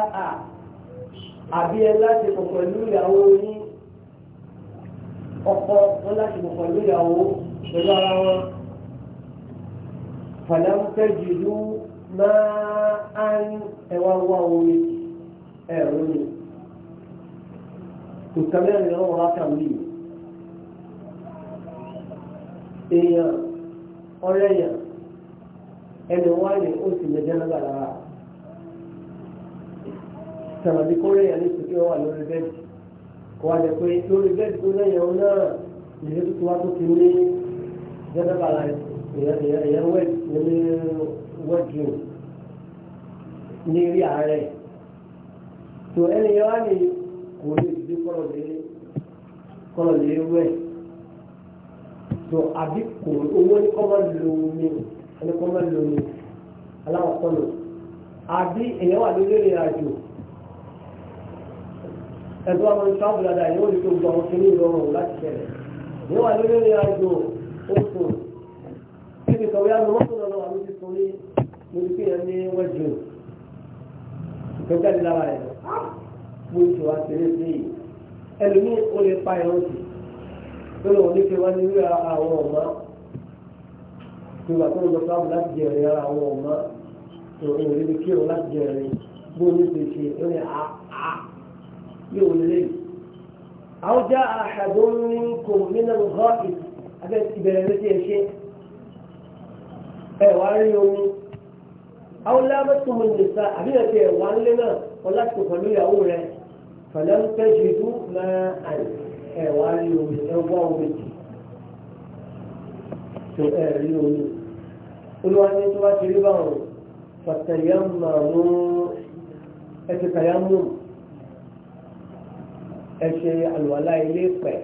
àbí ẹ láti pọ̀ pẹ̀lú ìyàwó yìí ọkọ wọn láti bọ̀ pẹ̀lú ìyàwó pẹ̀lú ara wọn. fàdámù tẹ́jú ló máa ń ẹwà wá omi ẹ̀rọ ni. nǹkan mẹ́rin lọ́wọ́ wá kà wí. èèyàn ọ̀rẹ́ yàn ẹni wá ní oṣù mẹ́jọ lágbàdá. sàmàdí kórè yàn ní ìsìnkú wà lórí bẹ́ẹ̀dì kó wá jẹ pé lórí bẹ́ẹ̀ tó lẹ́yìn ọ̀hún náà ìṣe tuntun wá tó ti ní jẹ́nẹ́bà ìyẹn wẹ́ẹ̀dì ní rí ààrẹ tó ẹni yẹn wá ní kò lè dìde kọ́lọ̀ lé kọ́lọ̀ lé wẹ̀ tó àbí kò owó ní kọ́ máa lò ní ẹni kọ́ máa lò ní aláwọ̀ kọ́lọ̀ wà lórí ìrìn àjò ẹ̀dọ́ àwọn oṣù àbúradà yóò rí tó gbọ́ ọkẹ́ ní ìrọ̀rùn láti ṣẹlẹ̀ yóò wà lórí ìrìn àjò oṣù kí ni kọ̀wé àwọn mọ́tò lọ́nà wà lójú tó ní lójú pé yẹn ní wẹ́jọ ìtọ́jáde lára ẹ̀ bó ṣe wá ṣeré sí i ẹlòmíì ó lè pa ẹ̀rọ sí lórí òun ní pé wọ́n ní rí àwọn ọ̀mọ́ tó wà tó ń lọ sáwọn láti jẹ ara àwọn ọ̀mọ́ tó ń rí kí òun láti jẹ bó ní ṣe ṣe ó ní àá ah, ah yóò lè àwọn já àṣàbò ń kò nínú ọgọ́ ìbẹ̀rẹ̀ ló ti ẹ̀ ṣe ẹ̀ wá rí omi àwọn lábẹ́tò mo lè sa àbíyàn ti ẹ̀ wá nílé náà wọn láti kò pẹ̀lú ìyàwó rẹ pẹ̀lú ń pẹ́ ìdú máa àì ẹ̀ rí omi ẹ̀ omi jì tó ẹ̀ rí omi olúwa tó bá ti rí báwọn fàtàyàmù ẹ̀ ti kàyàmù ẹ ṣe àlùwàlá ilé pẹ̀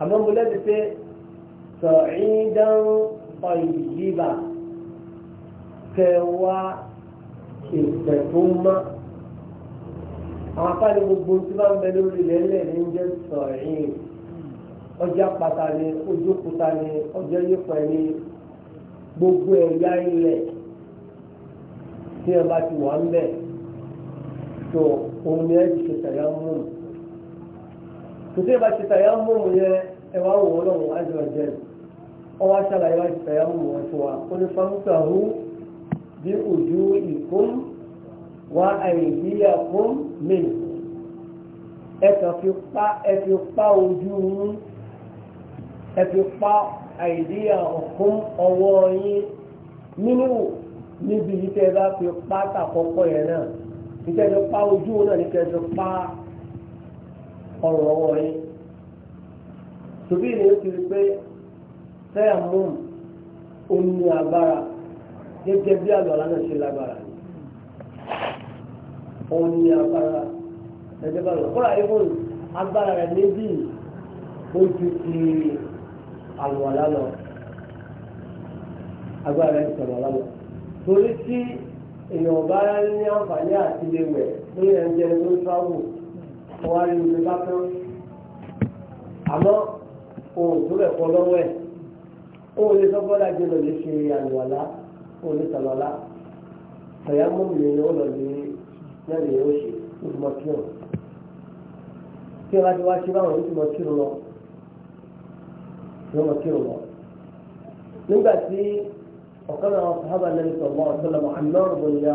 àmọ́ mo lẹ́bi pé sa'idan tayyiba kẹwa ìpẹ̀ tó mọ́ àwọn afáàlì gbogbo tí bá ń bẹ lórí ilẹ̀ ńlẹ̀ ní ń jẹ́ sa'id ọjà pata ni ojú kuta ni ọjọ́ yípa ni gbogbo ẹ̀yà ilẹ̀ tí ẹ bá ti wà ń bẹ̀ tó òun ni ẹ ti ṣe tẹ̀lé mú un tòtí ìbá ti tàyà mú òun yẹn ẹwà wò ó lọ́wọ́ àjọ jẹ ọwọ́ aṣàlàyé wá ti tàyà mú òun fún wa ó ní fáńkà hù bí ojú ìkún wá àìdíyà fún mi ẹ̀kàn fi pa ẹ fi pa ojú yín ẹ fi pa àìdíyà ọ̀kún ọwọ́ yín nínú níbi yìí tẹ́ ẹ bá fi pa tàkọ́kọ́ yẹn náà ìtẹ́jọ́ pa ojú náà ní kẹ́ẹ́ fi pa. Ọrụ ọwọ́ tobi na ni ó ti rí pé tẹ́ẹ̀mùn bí àlọ́ aláǹdà ṣe lágbára ni agbara agbára bí agbara kọ́ra ìhùn agbára rẹ̀ níbí ó ju ti agbara torí tí èèyàn ní àǹfààní àti ọwọ́ rí omi bá tán àmọ́ ohun tó rẹ̀ pọ̀ lọ́wọ́ ẹ̀ ohun lè sọ bọ́dà jẹ́ lọ lè ṣe àlùwàlá ohun lè sàlọ́lá ọ̀yá mọ́mù ni ó lọ lè lẹ́nu yóò ṣe ó ti mọ kírun tí wọ́n bá ti wá ṣe báwọn ó ti mọ kírun lọ ó mọ kírun lọ nígbà tí ọ̀kan náà sábà lẹ́nu sọ̀rọ̀ ọ̀sán lọ́wọ́ àmì náà rọ̀ bọ́ ní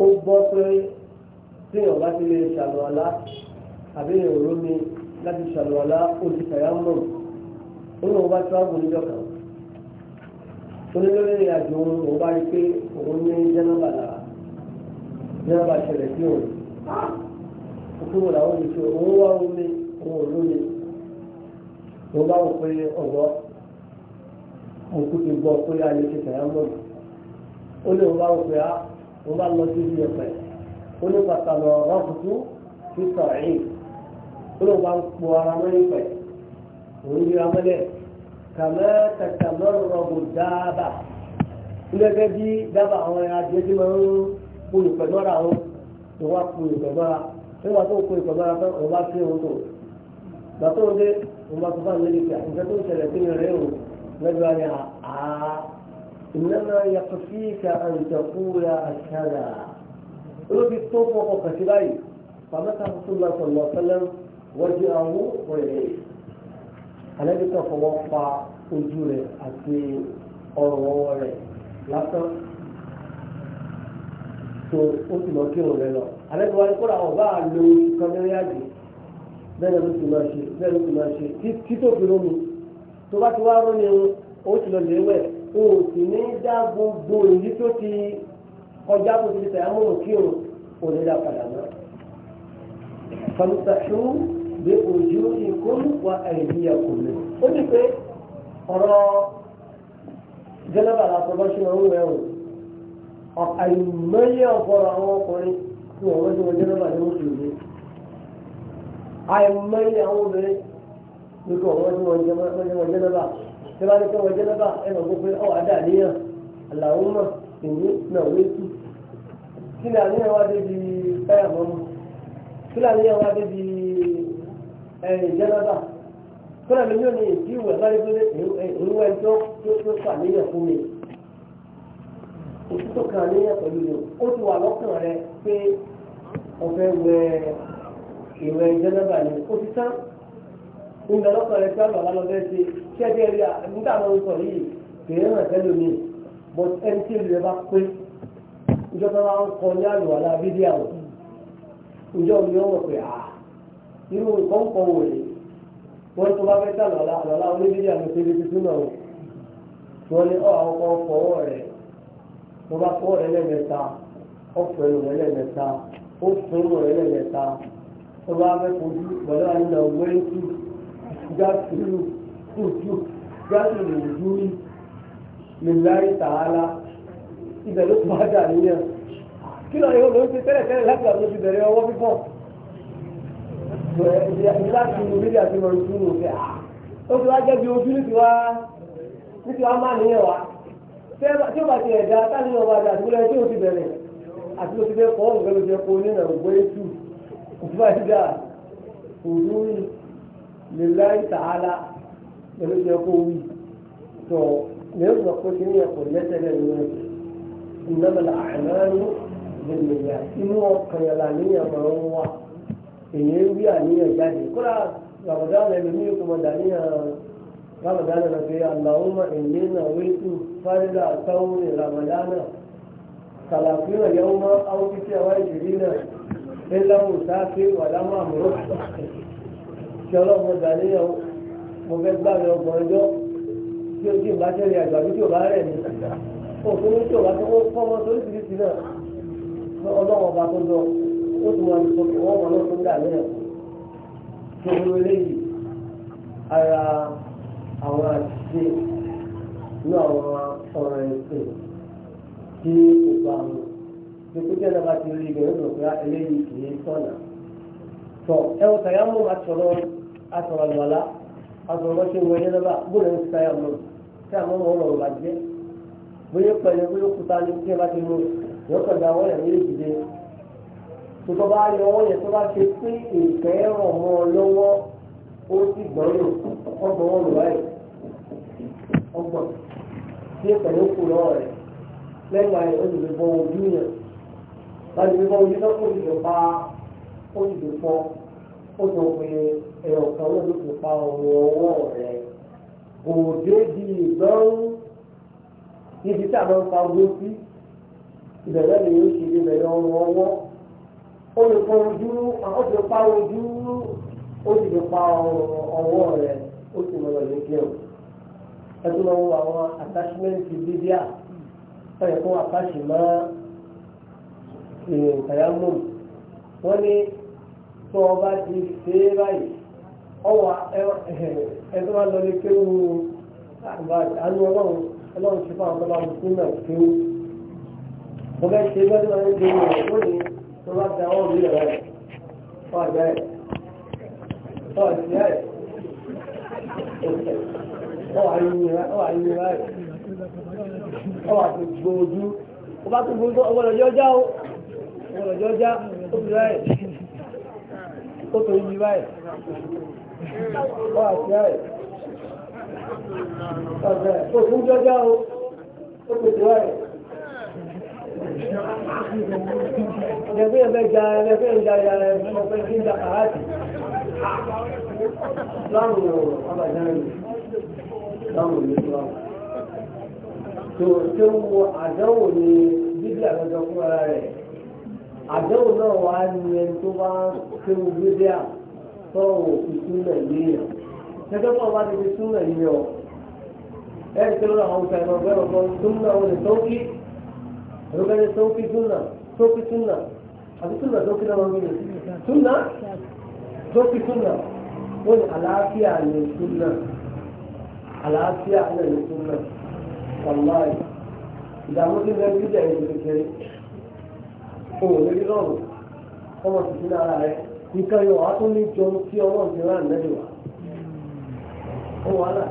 ó gbọ́ pé tí èèyàn bá ti lè ṣàlùwàlá àbí èèyàn ló ní láti ṣàlùwàlá olùsàyà mọ̀ ó lóun bá tíwáàbù níjọ kan onílọ́lẹ́ ìrìn àjò òun òun bá rí pé òun ní jẹ́nàbà lára jẹ́nàbà ṣẹlẹ̀ sí òun òkú wò làwọn olùsọ òun wá omi òun ò lómi òun bá wò pé ọ̀gọ́ òkú ti gbọ́ pé a lè ṣe sàyà mọ̀ ó lóun bá wò pé a ah, òun bá lọ sí ibi ẹ̀pẹ̀ ó ní pàtàkì ọ̀rọ̀ tuntun títà yìí ó ló bá ń po ara mẹ́rin pẹ̀ òun yíra mẹ́lẹ̀ kàmẹ́ kàkà mẹ́rin rọ̀bù dáàbà gẹ́gẹ́ bí dábàá àwọn ẹran adìẹ tí máa ń po ìpẹ́ mọ́ra wọn tó wá po ìpẹ́ mọ́ra nígbà tó po ìpẹ́ mọ́ra fẹ́ òun bá fi òun tó gbà tó dé òun bá tó bá ń lé nípa tó ń ṣẹlẹ̀ sí rẹ̀ o lọ́jọ́ ni àá إنما يكفيك أن تقول أشهد olóbi tó fọkọ kàṣí báyìí fàmẹ́ta rasulullah sallallahu alaihi wasallam wájú àwọn ọ̀rẹ́ alẹ́bí kan fọwọ́ pa ojú rẹ̀ àti ọrùn ọwọ́ rẹ̀ lásán tó ó sì lọ kí òun rẹ̀ lọ alẹ́bí wájú kóra ọ̀bá àlò kan lórí àjò bẹ́ẹ̀ ló ti máa ṣe bẹ́ẹ̀ ló ti máa ṣe tí tó fi rómi tó bá ti wá rómi o ó sì lọ léwẹ̀ o ò sì ní dá gbogbo èyí tó ti kọjá bó ti sẹ̀yà mú kí o kò ní dápadà mọ́. fàmùsàṣù bí ojú ikún wa àìníyà kò lè. ó ní pé ọ̀rọ̀ jẹ́nàbà làtọ̀ bá ṣe wọ́n wẹ̀ o àìmọye ọ̀pọ̀lọ̀ àwọn ọkùnrin tí wọ́n wọ́n ṣe wọ́n jẹ́nàbà ní oṣù àwọn obìnrin ní kò wọ́n ṣe wọ́n jẹ́nàbà tí wọ́n ṣe wọ́n jẹ́nàbà ẹ̀ lọ́gbọ́n pé ọ̀ àdá àníyàn àlàó mọ̀ ìwé náà wé kílà ní ẹwà débi táyà mọ́mú kílà ní ẹwà débi ìjẹ́nàbà kílà mi yóò ní ìdí ìwẹ̀ bá dé pé ìwé ẹjọ́ tó fà níyàn fún mi òtútù kan níyàn pẹ̀lú mi ó ti wà lọ́kàn rẹ pé ọ̀fẹ́ wẹ ìwẹ̀ ìjẹ́nàbà ni ó ti tán ìgbà lọ́kàn rẹ pé àgbàlá lọ bẹ́ẹ̀ ṣe kí ẹ jẹ́ rí nígbà máa sọ yìí kì í ràn sẹ́lómi but ẹni tí ìjọ tó máa ń kọ ní àlùwàlá fídíà o ìjọ mi ò wọ̀ pé à irú nǹkan kọ wò lè wọ́n tó bá fẹ́ sàlọ́lá àlọ́lá onífídíà ló ṣe lébi sínú ọ̀hún wọ́n ní ọ̀ àwọn kan fọwọ́ rẹ̀ wọ́n bá fọwọ́ rẹ̀ lẹ́mẹ̀ta ọ̀fọ̀ ẹnu rẹ̀ lẹ́mẹ̀ta ó fún ẹnu rẹ̀ lẹ́mẹ̀ta wọ́n bá fẹ́ fojú pẹ̀lú àyínà wẹ́ńtì gásìlù kùtù gásìlù ìdúrí lè láì ibẹ̀ ló fún àdá níyàn kí lọ yóò ló ń ṣe tẹ́lẹ̀ tẹ́lẹ̀ láti àwọn oṣù bẹ̀rẹ̀ ọwọ́ fífọ́ láti inú mídíà tí wọ́n tún lò fẹ́ ó ti wá jẹ́ bí ojú ní ti wá ní ti wá má níyàn wá tí ó bá ti ẹ̀dá táníyàn wá dà tó lẹ́yìn tí ó ti bẹ̀rẹ̀ àti ó ti fẹ́ kọ́ ọ̀gbẹ́ ló fẹ́ kó nínà ògbó ètù òtún bá ti tààlà lè ló kó wí tọ̀ lè ń sọ ní ẹ̀kọ́ lẹ́sẹ̀ lẹ́nu rẹ̀. إنما الأعمال بالنيات inú ọkàn yẹn la níyàn máa ń wá èyí ń rí àníyàn jáde kódà ramadan ẹni ní ìkọmọ dàníyàn ramadan ẹni pé aláwọmọ èyí náà wí tù fárídà àtàwọn ramadan sàlàfíà yẹn wọn àwọn títí àwọn ìdílé náà ńlá mùsáfì wàlámù àmúrò tí ọlọ́mọ dàníyàn mo fẹ́ gbàgbé ọgbọ̀n ọjọ́ tí o ti bá tẹ̀lé àgbà bí tí o bá òkú ní tí o bá tó ó kọ́ ọmọ sórí tìrìtì náà ọlọ́wọ́ ọba tó lọ ó ti wọn sọ pé wọ́n wọn ló ń dà lẹ́yìn tó ń lọ léyìí ara àwọn àṣìṣe ní àwọn ọ̀rọ̀ ẹ̀sìn tí kò bá wọn gbogbo tí ẹnìyàn bá ti rí ibẹ̀ yóò lọ́kùnrin eléyìí kì í sọ̀nà tọ ẹwọ tàyámù àtọ̀rọ̀ àtọ̀rọ̀ àlùwàlá àtọ̀rọ̀ ṣe wọlé lọ́ba bóyá ń tàyámù tí àwọn ọmọ ọmọ ọba jẹ́ bóyá pẹ̀lú bóyá kúta ní kí ẹ bá ti mú yọ pẹ̀lú àwọn èèyàn méjì dé tó tó bá yọ ọwọ́ yẹn tó bá ṣe pé ìfẹ́ ràn mọ́ ọ lọ́wọ́ ó sì gbọ́n lò ọgbọ̀n wọn lò báyìí ọgbọ̀n tí pẹ̀lú kù lọ́wọ́ rẹ̀ lẹ́yìn àyè ó sì lè bọ ojú yẹn láti fi bọ ojú náà ó sì lè pa ó sì lè fọ ó sọ pé ẹ̀rọ kan ló pa ọ̀rọ̀ ọwọ́ rẹ̀ kò dé di ìgbọ́n níbi tí a máa ń fa owó sí ìbẹ̀rẹ̀ mi yóò ṣe ìbẹ̀rẹ̀ ọrùn ọwọ́ ó lè pa ojú ó ti pa ojú ó sì lè pa ọwọ́ rẹ̀ ó sì mọ̀ lọ́lẹ́ jẹun ẹtú lọ wọ àwọn attachment bíbíà ẹ̀yẹ fún àtàṣì mọ́ èèyàn eh, kàyámù wọ́n ní tó o bá ti ṣe é báyìí ọwọ́ ẹ ẹ tó bá lọ lé kéwù àgbà àánú ọlọ́run ọlọ́run ṣe fáwọn tọ́lá mùsùlùmí náà tó wọ́n fẹ́ ṣe bẹ́ẹ̀ náà ń gbé wọn ó ní tó bá da ọ́ rí rẹ̀ fọ́ àgbà ẹ̀ fọ́ àṣìyá ẹ̀ ọ wà yín rẹ̀ ọ wà tó gbòòdú ọ bá tó gbòòdú ọ gbọ́dọ̀ o ọ gbọ́dọ̀ ọ̀sẹ̀ òfin jọjá o ó kò tó ẹ̀. Ẹgbẹ́ ẹgbẹ́ ja ẹgbẹ́ ìjà ya ìjà kàràtì. Láwọn ọ̀rọ̀ abàjáde láwọn ìlú tó tí ó wo àdánwò ni bíbí àgbẹ̀jọ fún ara rẹ̀. Àdánwò náà wà ní ẹni tó bá kéwu bíbí à tọ́wọ̀ ìtúlẹ̀ léèyàn gẹ́gẹ́ bí wọ́n bá ti fi súnmọ̀ yìí yọ ẹ ti lọ́dọ̀ àwọn òkè àwọn ọ̀gbẹ́ ọ̀gbọ́n súnmọ̀ wọn ni sọ́ọ́kì ẹ̀rọ̀gbẹ́ ni sọ́ọ́kì súnmọ̀ sọ́ọ́kì súnmọ̀ àti súnmọ̀ sọ́ọ́kì náà wọ́n gbé súnmọ̀ sọ́ọ́kì súnmọ̀ wọ́n ni àlàáfíà ni súnmọ̀ àlàáfíà náà ni súnmọ̀ wàláì ìdààmú tí wọ́n ti dẹ̀ kékeré òun lórí lọ́rùn ọmọ tuntun náà rẹ̀ nǹkan yọ̀ wá tó ní jọ kí ọmọ ìdíran náà wà ó wà náà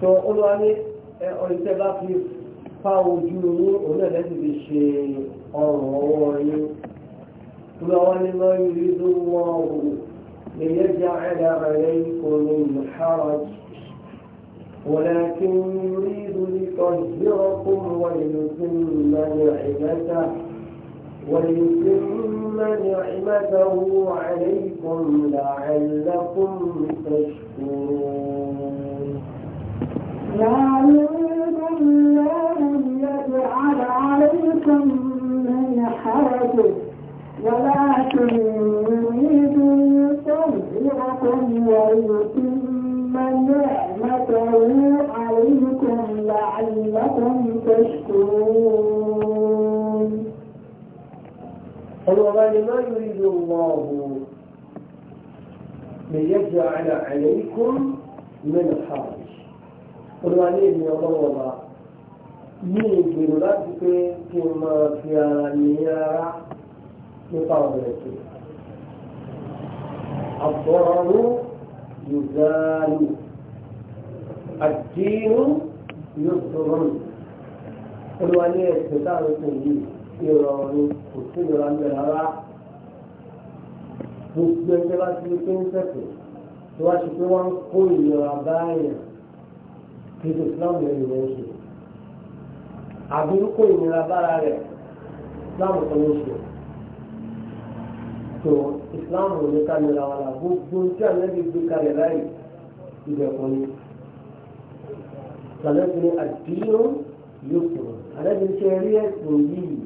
tó olúwa ní ọ̀rẹ́tẹ́ bá fi fa ojú yín òun náà lẹ́sìn fi ṣe ọrùn ọwọ́ yín olúwa ní lọ́ọ́ yìí rí ló wọ́n o lèyẹ jẹ́ àìlà rẹ̀ kò ní ìhárọ̀j ولكن يريد ليطهركم ويتم نعمته ويتم نعمته عليكم لعلكم تشكرون يريد يطهركم ويتم نعمته عليكم لعلكم تشكرون هو ما يريد الله ليجعل عليكم من حرج olùwàlẹ́ mi ọlọ́wọ́ bá ní ìgbèrò في pé kí n ló táwọn bẹ̀rẹ̀ sí. àbọ̀rọ̀ yògáàlù àdínú yóò sọ̀rọ̀ nù. olúwa ní ẹ̀sìn táwọn ètò yìí ìrọ̀rùn kò sí ìrọ̀rùn àgbẹ̀ rárá. gbogbo ẹgbẹ́ bá ti pé ń sẹ̀kù tó islam lẹ́yìn rẹ̀ ń ṣe. àbí ń kó ìnira bára tó islam ò ní kámẹ́rà wọn la gbogbo tí ànábì gbé kalẹ̀ láyé ìbẹ̀kùn ni sàlẹ̀ fi ni àdínú yóò kúrò ànábì ṣe rí ẹ̀sùn yìí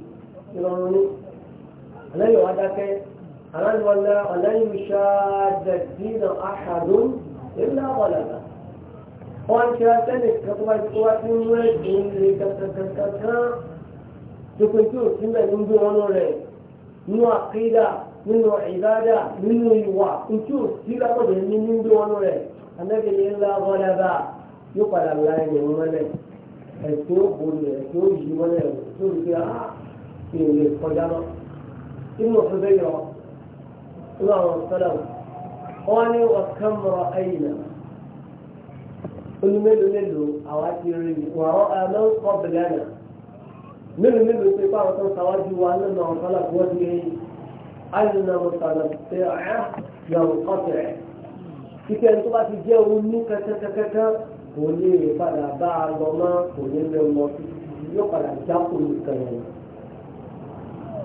ìrọ̀rùn ni ànábì wà dákẹ́ ànábì wọn lé ọ̀lẹ́yìn ṣáàdà dínà àṣàdùn ìlà ọ̀làdà wọn ṣe àtẹ́lẹ̀ kẹ́kọ̀ọ́ tó wá sí inú ẹ̀sùn lè kankankankan tó tí ò sí mẹ́rin ń gbé wọn lọ rẹ̀ nínú àkídà nínú ìbádà nínú ìwà ojú òsì lápọ̀dé ní níbi wọn rẹ̀ anábìyẹ ńlá wọlẹ́bà yóò padà la ẹ̀yẹ̀ mọ́lẹ̀ ẹ̀sìn òbòlù ẹ̀sìn òyì mọ́lẹ̀ tó ń fi á ìrìnlẹ̀ kọjá lọ. inú òfin bẹ́ẹ̀ yọ inú àwọn sọ́dọ̀ wọn ní ọ̀kan mọ́ ẹ̀yìn náà olùmélòó mélòó àwa ti rí wà ọ́ àlọ́ kọ́ bẹ̀lẹ́ náà mélòó pé pé tó ń sáwájú wa nínú àwọn المتمتع ينقطع kíkẹ́ ẹni tó bá ti jẹ́ onú kẹ́kẹ́kẹ́kẹ́ kò lè padà bá a lọ mọ́ kò lè lè lọ títí yóò padà já kó nìkan yẹn.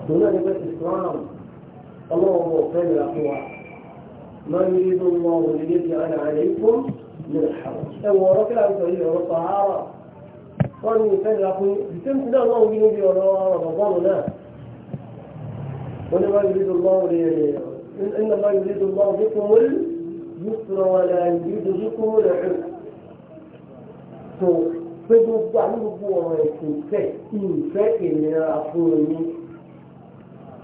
tòun náà ní pé Islam ọlọ́wọ́ bọ̀ fẹ́ nira fún wa máa ń yí ló mọ òun lè fi àná àlẹ́ fún ní ìhàwọ̀. ẹ wọ ọ̀rọ̀ kíláà nítorí ọ̀rọ̀ sàárà wọ́n ní ìfẹ́ nira fún yín ìfẹ́ nira náà wọ́n ní ibi ọ̀rọ̀ ọ̀rọ̀ bọ̀bọ̀n náà. وإنما يريد الله إنما يريد الله بكم اليسر ولا يريد بكم العسر tó pé gbogbo àwọn gbogbo ọ̀rọ̀ ẹ̀sìn ìfẹ́ ìfẹ́ ìnira fún omi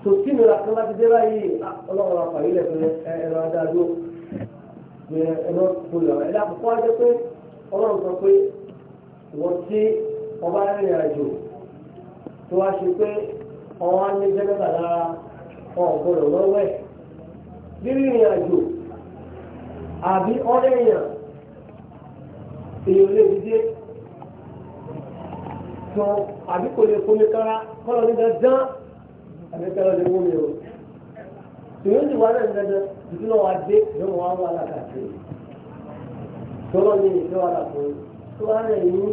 tó tí mi ra kan láti dé báyìí ah, ọlọ́run àpàyè lẹ́fẹ̀ẹ́ ẹ̀rọ adájọ́ ẹ̀rọ kúlọ̀ ẹ̀dá àkọ́kọ́ ajẹ́ pé ọlọ́run sọ pé wọ́n tí ọba rìnrìn àjò tó wá ṣe pé ọ̀hún á ní jẹ́gbẹ́ta lára ọ̀gbọ́dọ̀ wẹ́wẹ́ rírìn àjò àbí ọ̀rẹ́ èèyàn èèyàn lè dìde tán àbí kò lè fomi kára kọ́lọ̀ ní dandan àbí kọ́lọ̀ lè wọ́n mi o tòun ti wà náà ní dandan tuntun náà wà dé lọ́wọ́ wà wà lákàtúntì tọ́lọ́ ní ìfẹ́ wà lákùnrin tó wà náà yìí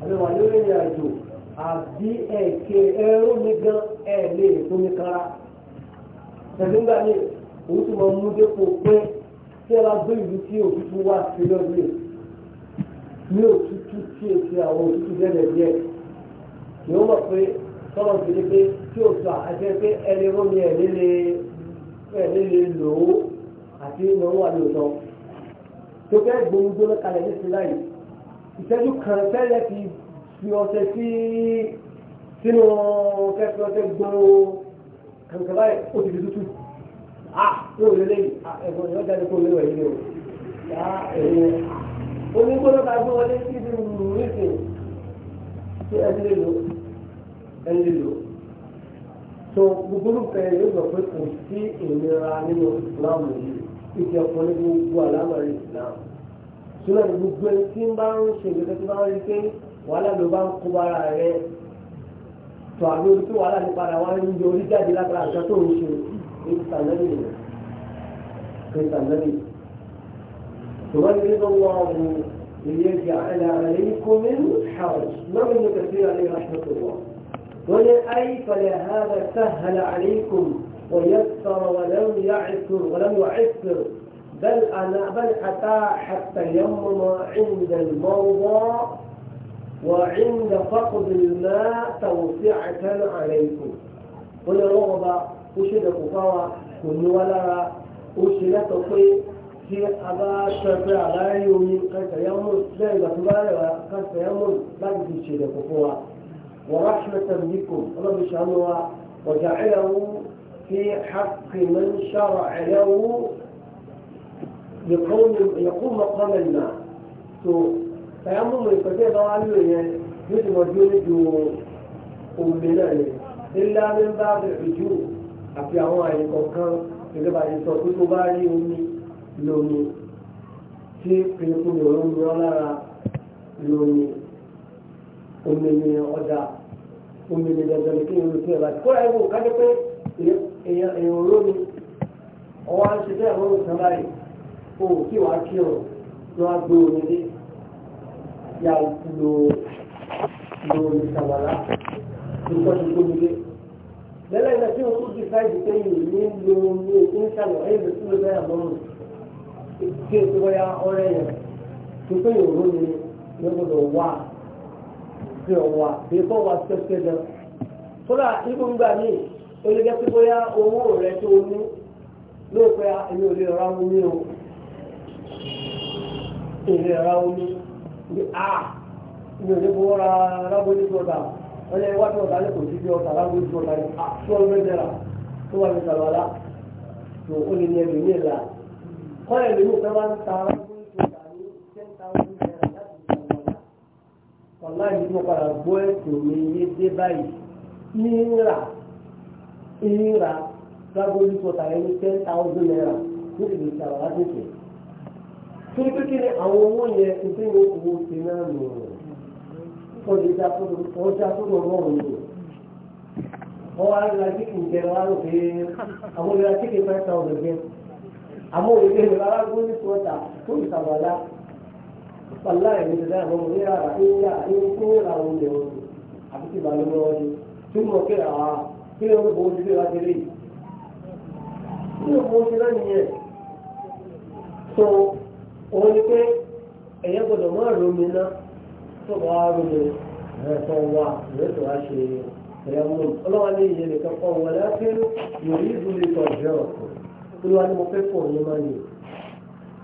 àbí wà lórí ìrìn àjò àbí ẹ̀kẹ́ ẹ̀rọ mi gan ẹ̀ lè fomi kára ẹ̀sìn gbà ní òun tó máa mú dépò pé tí ẹ bá gbé ìlú tí òtútù wà sí lọ́dún ní òtútù tí èsì àwọn òtútù bẹ̀rẹ̀ díẹ̀ ni wọ́n mọ̀ pé tọ́lọ̀ ti di pé tí o sọ àti pé ẹni wọ́n mi ẹ̀mí lè lò ó àti ìmọ̀ wà lóòótọ́ tó fẹ́ gbóhùn gbóná ní sílá yìí ìṣẹ́jú kan fẹ́lẹ́ fi fi ọṣẹ sí sínú kẹ́fí ọṣẹ gbóhùn ẹ̀rù kẹfà yẹ ó ti di tútù ah, ah, à ah, ó lè lè ẹ̀gbọ́n ìwọ́n jáde kó léwà yìí o yà á ẹ̀rù onígbóná ká gbé wọlé sí ibi rúrú nísìn tí ẹni lè lò ẹni lè lò tó gbogbo olùkọ́ yẹn yóò gbọ́ pé kò sí ìnira nínú ìsìláàmù yìí ìjẹ ọkùnrin gbogbo àlámọ̀rí ìsìláàmù ṣùgbọ́n gbogbo ẹni tí ń bá ń ṣe ìgbésẹ̀ tí bá ń rí pé wàhálà ló bá ń kó bára rẹ̀ tó àbí orí tó wà láti padà wá ń yọ orí jáde lágbára àṣà tó ń ṣe ìta lẹ́yìn rẹ̀ ìta lẹ́yìn. ṣùgbọ́n ní nínú wọn ọ̀hún ilé ẹgbẹ́ àìlà àlẹ́ yìí kó mẹ́rin ṣàwọ̀ lọ́wọ́ ní kẹsí àlẹ́ ìràṣẹ́ tó wọ̀. wọ́n ní ayé ìfẹ̀lẹ̀ hàdà sáhàlà àlẹ́kùn ويسر ولم يعسر ولم يعسر بل أنا بل أتاح التيمم عند المرضى وعند فقد الماء توسعة عليكم قل رغبة وشد كفاوة كن ولا وشد تقي في أبا شفاء لا يؤمن قد يمر لا يبتبع قد يمر بعد شد كفاوة ورحمة بكم رب شانوا وجعله في حق من شرع له يقوم يقوم مقام الماء ẹ̀yà múmu ìpèsè bá wá lò yẹn yóò ti mọ bí ó ní ju omi náà ni ilé abẹ́ ń bá ìjú àti àwọn àyè kọ̀ọ̀kan gẹ́gẹ́ bá ti sọ pé tó bá rí omi lómi tí kìnnìkún ní òun ní ọ́ lára lómi omi ni ọjà omi ni dandan kí ni olùkí ọ̀la kó ẹ̀ wò kájọ pé èèyàn olómi ọwọ́ á ń ṣiṣẹ́ àwọn olùkọ́ báyìí o kí wàá kí ọ̀rọ̀ ló gbé omi dé. tí a kú lo lórí ìsàmàlà tó kọ́ ti gbóni lé. lẹ́lẹ́ iná tí wọ́n kú ti fáìdì pé yìí ní lo ní ètò ìsàlọ̀ ẹ̀yìn lè tún lè bẹ́ẹ̀ lọ́rùn kí ètò wáyà ọ̀rẹ́ yẹn tó pé yòówó ni ló gbọdọ̀ wà sí ọ̀wà bí o pé a mi ò ní kó ra alábòjì tó ọ̀tà wọ́n wá tó ọ̀tà ní sí bí ọ̀tà alábòjì tó ọ̀tà ní a tó tó wà ní sàlọ́lá tó ó lè ní ẹ̀mí ní ìlà kọ́lẹ̀ lè mú fẹ́wá ń ta alábòjì tó ọ̀tà ní ten thousand naira láti sàlọ́lá ọ̀la yìí mo padà gbọ́ ẹ̀sìn mi yé dé báyìí ní ìlà ìlà alábòjì tó ọ̀tà ní ten thousand naira torí pé kí ni àwọn owó yẹn ìpín ní owó ti náà nù wọ́n lè dá fọ́dọ̀ wọ́n dá fọ́dọ̀ ọlọ́run yìí wọ́n wá ra chicken jẹ wá rò pé àwọn olè ra chicken five thousand jẹ àmọ́ òye rẹ̀ rárá gbóni sọ́ta tó ìsàbàlá pàlá ẹ̀mí ti dáhùn ọmọ yàrá ìyá ìkó àwọn olè wọn àti ti bàálù lọ́wọ́ ni tí mo kí ra wa kí ló ń bọ̀ ojú wa ti rí kí ló ń bọ̀ ojú náà nìyẹn òun ni pé ẹ̀yẹ́ gbọ́dọ̀ mọ́ àròmí náà tó bá àròmí rẹ̀ tó wà rẹ̀ tó wá ṣe ẹ̀yẹ́mú ọlọ́wà ní ìyẹn nìkan kọ́ wọn láti yòó ìlú lè tọ̀ jẹ́ ọ̀tún olúwa ni mo fẹ́ fọ̀ ní máa yẹ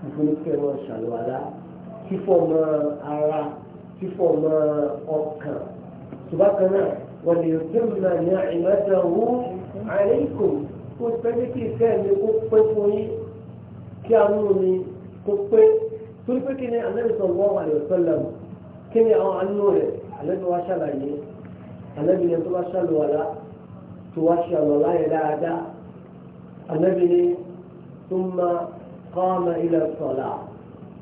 ìfúnni kẹ́ wọn ṣàlùwàlá fífọ̀ mọ́ ara fífọ̀ mọ́ ọkàn ṣùgbọ́n náà wọ́n lè dẹ́mùnà ní àìmọ́tà wú àìríkò kó pẹ́ kí ìfẹ́ mi kó pẹ́ fún yín kí àánú mi kó pé torí pé kí ni Ànábì sallallahu alaihi wasallam kí ni àwọn àánú rẹ̀ Ànábì wa ṣàlàyé Ànábì yẹn tó bá ṣàlùwàlá tó wá ṣàlùwàlá yẹn dáadáa Ànábì ni thumma qama ila as-salah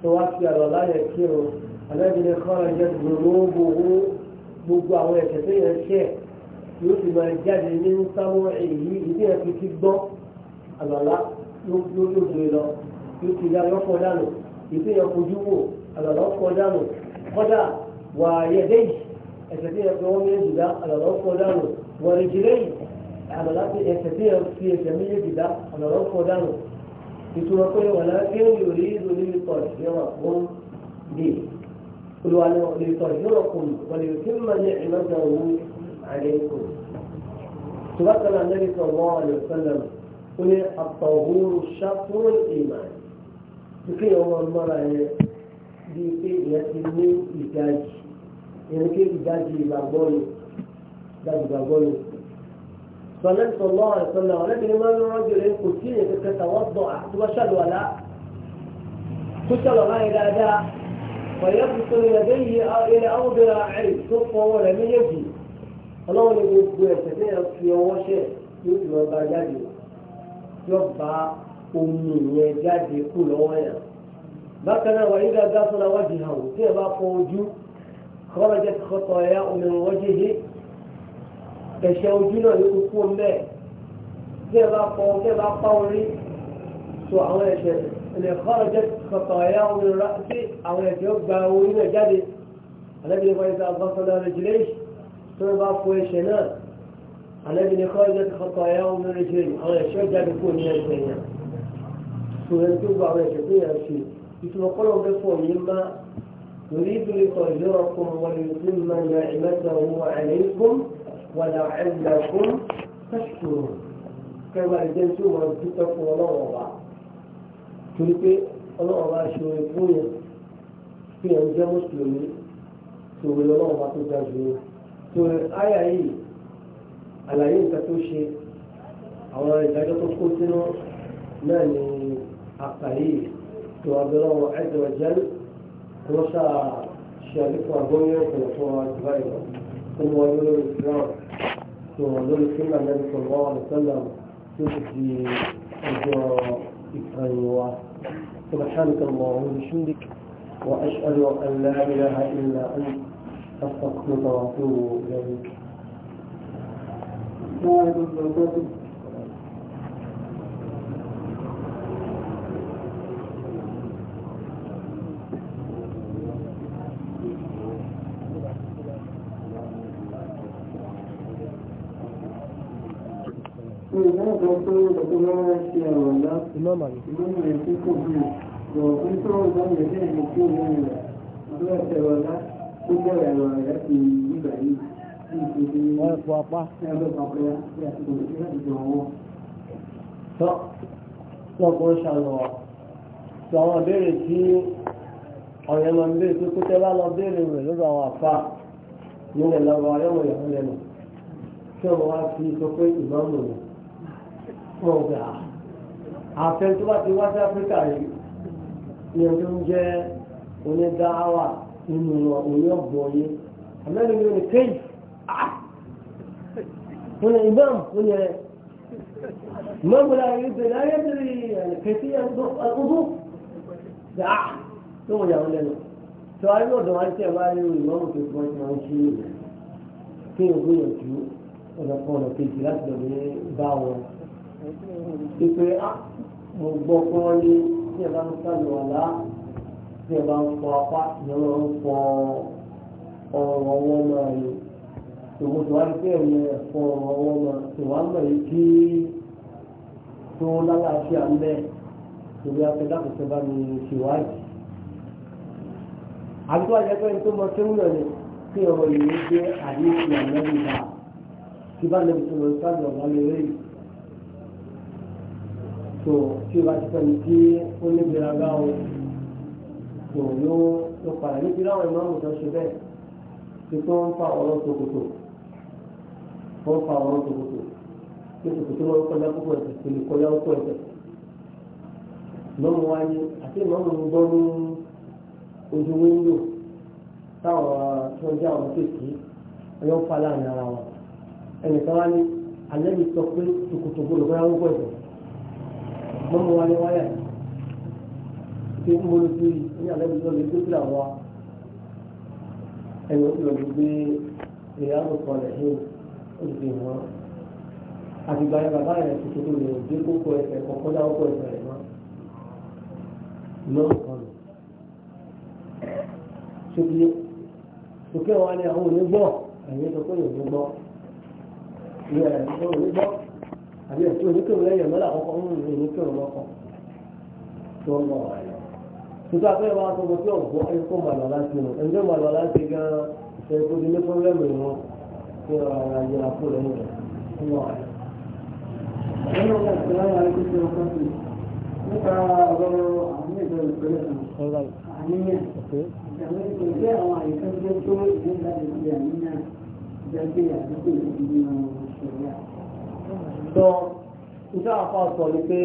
tó wá ṣàlùwàlá yẹn kírun Ànábì ni kharajat dhunubuhu gbogbo àwọn ẹ̀ṣẹ̀ tó yẹn ṣẹ̀ yóò sì máa jáde ní sáwọ́ èyí ìdí ẹ̀ fi ti gbọ́ àlọ́lá ló ló ló lọ yóò ti dá yọkọ dànù ìpín yẹn fojú wò àlọ́lọ́ kọ dànù kọ́dà wà yẹ̀dẹ́ yìí ẹsẹ̀ tí yẹn fi wọ́n méjì dá àlọ́lọ́ kọ dànù wà rìjìlẹ̀ yìí àlọ́lá ti ẹsẹ̀ tí yẹn fi ẹsẹ̀ méjì dá àlọ́lọ́ kọ dànù ìtura pé wàlá kí ni lórí ikọ̀ ìṣẹ́wà fún bí olùwàlẹ̀ ìkọ̀ ìṣẹ́wà kùn wàlẹ̀ kí ní ìmọ̀ta òun àlẹ́kùn. تبقى صلى الله عليه وسلم قل الطهور شطر الإيمان tó kí ọmọ mọ́ra yẹn bí pé ìyẹn ti ní ìdajì ìyẹn pé ìdajì ìgbàgbọ́ ni ìdajì ìgbàgbọ́ ni. صلى الله عليه وسلم ولكن ما من رجل قدسي تتوضع توشل ولا تشل ما إلى أداء ويبصر يديه إلى أرض راعي سوف ولم يجي الله يقول يستطيع في يوم شيء يوم بعد يوم بعد omi yẹn jáde kú lọ́wọ́ yẹn bákan náà wàyí gàgà sọ̀rọ̀ àwájú hàn tí ẹ bá fọ ojú kọ́rọ̀jẹ́ kọ́tọ̀ ẹ̀yà omi wọ́jú yìí ẹ̀ṣẹ̀ ojú náà ní kúkú mẹ́ tí ẹ bá fọ tí ẹ bá pa orí tó àwọn ẹ̀ṣẹ̀ ẹ̀lẹ̀ kọ́rọ̀jẹ́ kọ́tọ̀ ẹ̀yà omi rà sí àwọn ẹ̀ṣẹ̀ ó gba orí náà jáde alẹ́bìnrin wáyé sọ àgbọ̀sọ̀dọ̀ rẹ̀jìlẹ̀ tó ẹ sọ̀rọ̀ tí ó gba àwọn ẹ̀ṣẹ̀ tó yà ṣe ìtumọ̀ kọ́lọ̀ bẹ́ fọ̀ yín má lórí ìdúró kan ìlera kan wọlé ní mẹ́rin ìmẹ́ta owó àlẹ́kùn wàlà ẹ̀dàkùn tẹ̀sùn kẹwà ìjẹ́ tí ó máa dúpẹ́ fún ọlọ́wọ́ wa torí pé ọlọ́wọ́ wa ṣe orin fún yẹn fi hàn jẹ́ mùsùlùmí sọ̀rọ̀ lọ́wọ́ wa tó ga jù sọ̀rọ̀ áyà yìí àlàyé nǹkan tó ṣe àwọn ìdájọ́ tó kó sínú náà ni àkàyè tó abẹ́rẹ́ wọn ẹ̀dọ̀ jẹ́ kó sáà ṣe àdínkù agbóyè ọ̀pọ̀lọpọ̀ àdúrà ìlọ tó mọ ọdún lórí islam tó wọn lórí sílẹ̀ lẹ́nu pẹ̀lú àwọn àlùfẹ́lẹ̀ tó ti di ọjọ́ ìkànnì wa. سبحانك اللهم وبحمدك وأشهد أن لا إله إلا أنت أستغفرك وأتوب إليك. pé ọ̀pọ̀ mẹ́rin ṣe ọ̀rọ̀ ńlá ìmọ̀mà rẹ̀ tí kò bí ọ̀rọ̀ fún tó ń bá yẹn bẹ́ẹ̀ ni kí òun rẹ̀ ọ̀rọ̀ ẹ̀ṣẹ̀ ọ̀rọ̀ ńlá tó bẹ̀rẹ̀ ọ̀rọ̀ rẹ̀ kó tẹ́ lọ béèrè rẹ̀ lọ́dọ̀ àwọn àfa nílẹ̀ lọ́wọ́ ayọ́mọ̀ ìyàwó lẹ́nu tí wá fi sọ pé rẹ̀ wọn ò gbà àfẹn tó bá ti wá sí áfíríkà yìí ni ẹni tó ń jẹ́ onídáwà nínú oyún ọ̀gbọ̀n ah! yìí àmẹ́rin ni òní kéyì wọn ni imam wọn ni imam wọn ni ìbẹ̀rẹ̀ ayẹ́bẹ̀rẹ̀ kẹ̀sí ọdún gbà ah! tó wọ̀nyà wọn lẹ́nu tó ayé ọ̀dọ̀ wa ń tẹ̀ wá nínú ìmọ̀mù tó fọ́ ẹ̀ máa ń ṣe é kí n gbìyànjú ọ̀nà kan ọ̀nà kejì láti lọ́ọ́ ìpè á ah, mo gbọ́ pé wọ́n ní tí ẹ bá ń sálọ àlá tí ẹ bá ń fọ apá ìyẹn lọ ń fọ ọ̀rọ̀ ọwọ́ máa ní tòun tó wá ní pé ẹ̀yẹ ẹ̀fọ́ ọ̀rọ̀ ọwọ́ máa tó wá mọ̀ yìí kí tó lálàáfíà ń bẹ́ẹ̀ torí afẹ́ dákòtò bá mi ṣèwádìí. àbúrò àjẹpẹ́ ní tó mọ tí ń ni kí ọ̀rọ̀ yìí ń gbé àdéhùn àmọ́ ìgbà tí bá lè tó lọ sábẹ̀ ọ̀gá lè rí yìí tó tí o bá ti sọ ní tí ó ní gbéraga o tó yóò tó padà níbi láwọn ìmáàmù tó ṣe bẹ́ẹ̀ tí tó ń fa ọ̀rọ̀ tòkòtò ó ń fa ọ̀rọ̀ tòkòtò tí tòkòtò lọ́wọ́ kọjá púpọ̀ ẹ̀sẹ̀ tó lè kọjá púpọ̀ ẹ̀sẹ̀ lọ́mọ wáyé àti ìmáàmù ń gbọ́ ní ojú wíńdò táwọn tó ń jẹ́ àwọn kéèkì ẹ̀yọ́ ń fa láàrin ara wọn ẹnìkan wá ní alẹ́ mi sọ pé tòkòtò gbọ́dọ̀ bá yà ẹ̀sẹ̀ àmọ́ mo wá ní wáyà tí mo lè fi ní alẹ́ mi lọ́ọ́ lè tó sílẹ̀ wá ẹ̀yìn ó lọ́ọ́ gbé ìyáàrú kan rẹ̀ hìn òdì wọn àtìgbà yẹn bàbá yẹn ti tó lè dé kókó ẹsẹ̀ kọ̀ọ̀kan dáwọ́ kó ẹsẹ̀ rẹ̀ mọ́ lọ́ọ̀ kan lọ. ṣókè ṣókè wa ni àwọn ò ní gbọ́ ẹ̀yìn tó kó yòó ní gbọ́ ní ẹ̀yìn tó ò ní gbọ́ àbí ẹ̀tí oníkèrò lẹ́yìn ọ̀mọ́lá àkọ́kọ́ ń rìn oníkèrò lọ́kọ̀ tó ń bọ̀ wáyé tuntun abẹ́rẹ́ wa sọ pé ọ̀gbọ́n ẹ̀kọ́ màlúwa láti nù ẹ̀ńdẹ́ màlúwa láti gan ẹ̀kọ́ ti ní pọ́nlẹ́mù wọn kí ara yẹ àpò lẹ́yìn rẹ̀ ń bọ̀ ọ̀rọ̀ àmì ìṣẹ̀lẹ̀ ìpínlẹ̀ sọ nígbà àpá sọ ni pé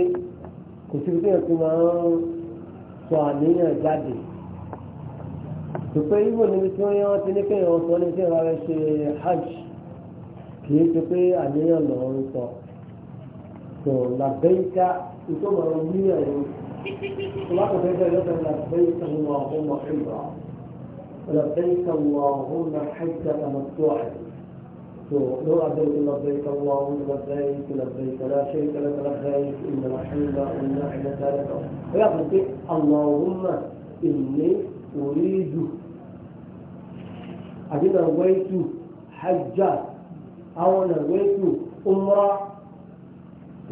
kò sí pé ẹ̀sìn máa ń sọ àníyàn jáde tòpé ìwò níbi tí wọ́n yẹ wọ́n ti ní kéèyàn sọ ní kéèyàn rárá ṣe hajj kì í ṣe pé àníyàn lọ́wọ́ ń sọ tó làbẹ́yíká ìtò mọ̀ràn níyàn yìí lákòókò ẹgbẹ́ yọ̀tọ̀ làbẹ́yíká wọn àwọn ọmọ ìgbà làbẹ́yíká wọn àwọn ọmọ ìgbà àmọ́ tó àyè. لو أدرك لبيك اللهم لبيك لبيك لا شيك لك لبيك إن الحمد إن والنعمة لك ويقول اللهم إني أريد أبي نويت حجة أو نويت أمرة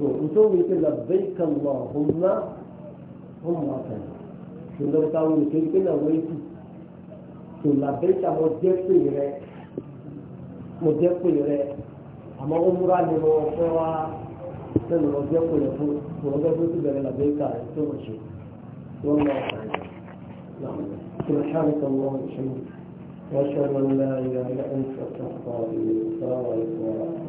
وتوبك لبيك اللهم أمرة شنو تقول لبيك نويت لبيك أبو جبت mo jẹ́ pè rẹ àmọ́ ó múra ni mo fẹ́ wá sẹ́nu lọ jẹ́ pè rẹ fún ìwọ́n fẹ́ fún ìbẹ̀rẹ̀ làbẹ́ ìka rẹ̀ tó mọ̀ ṣe wọ́n lọ سبحانك اللهم وبحمدك واشهد ان لا اله الا انت استغفرك واتوب اليك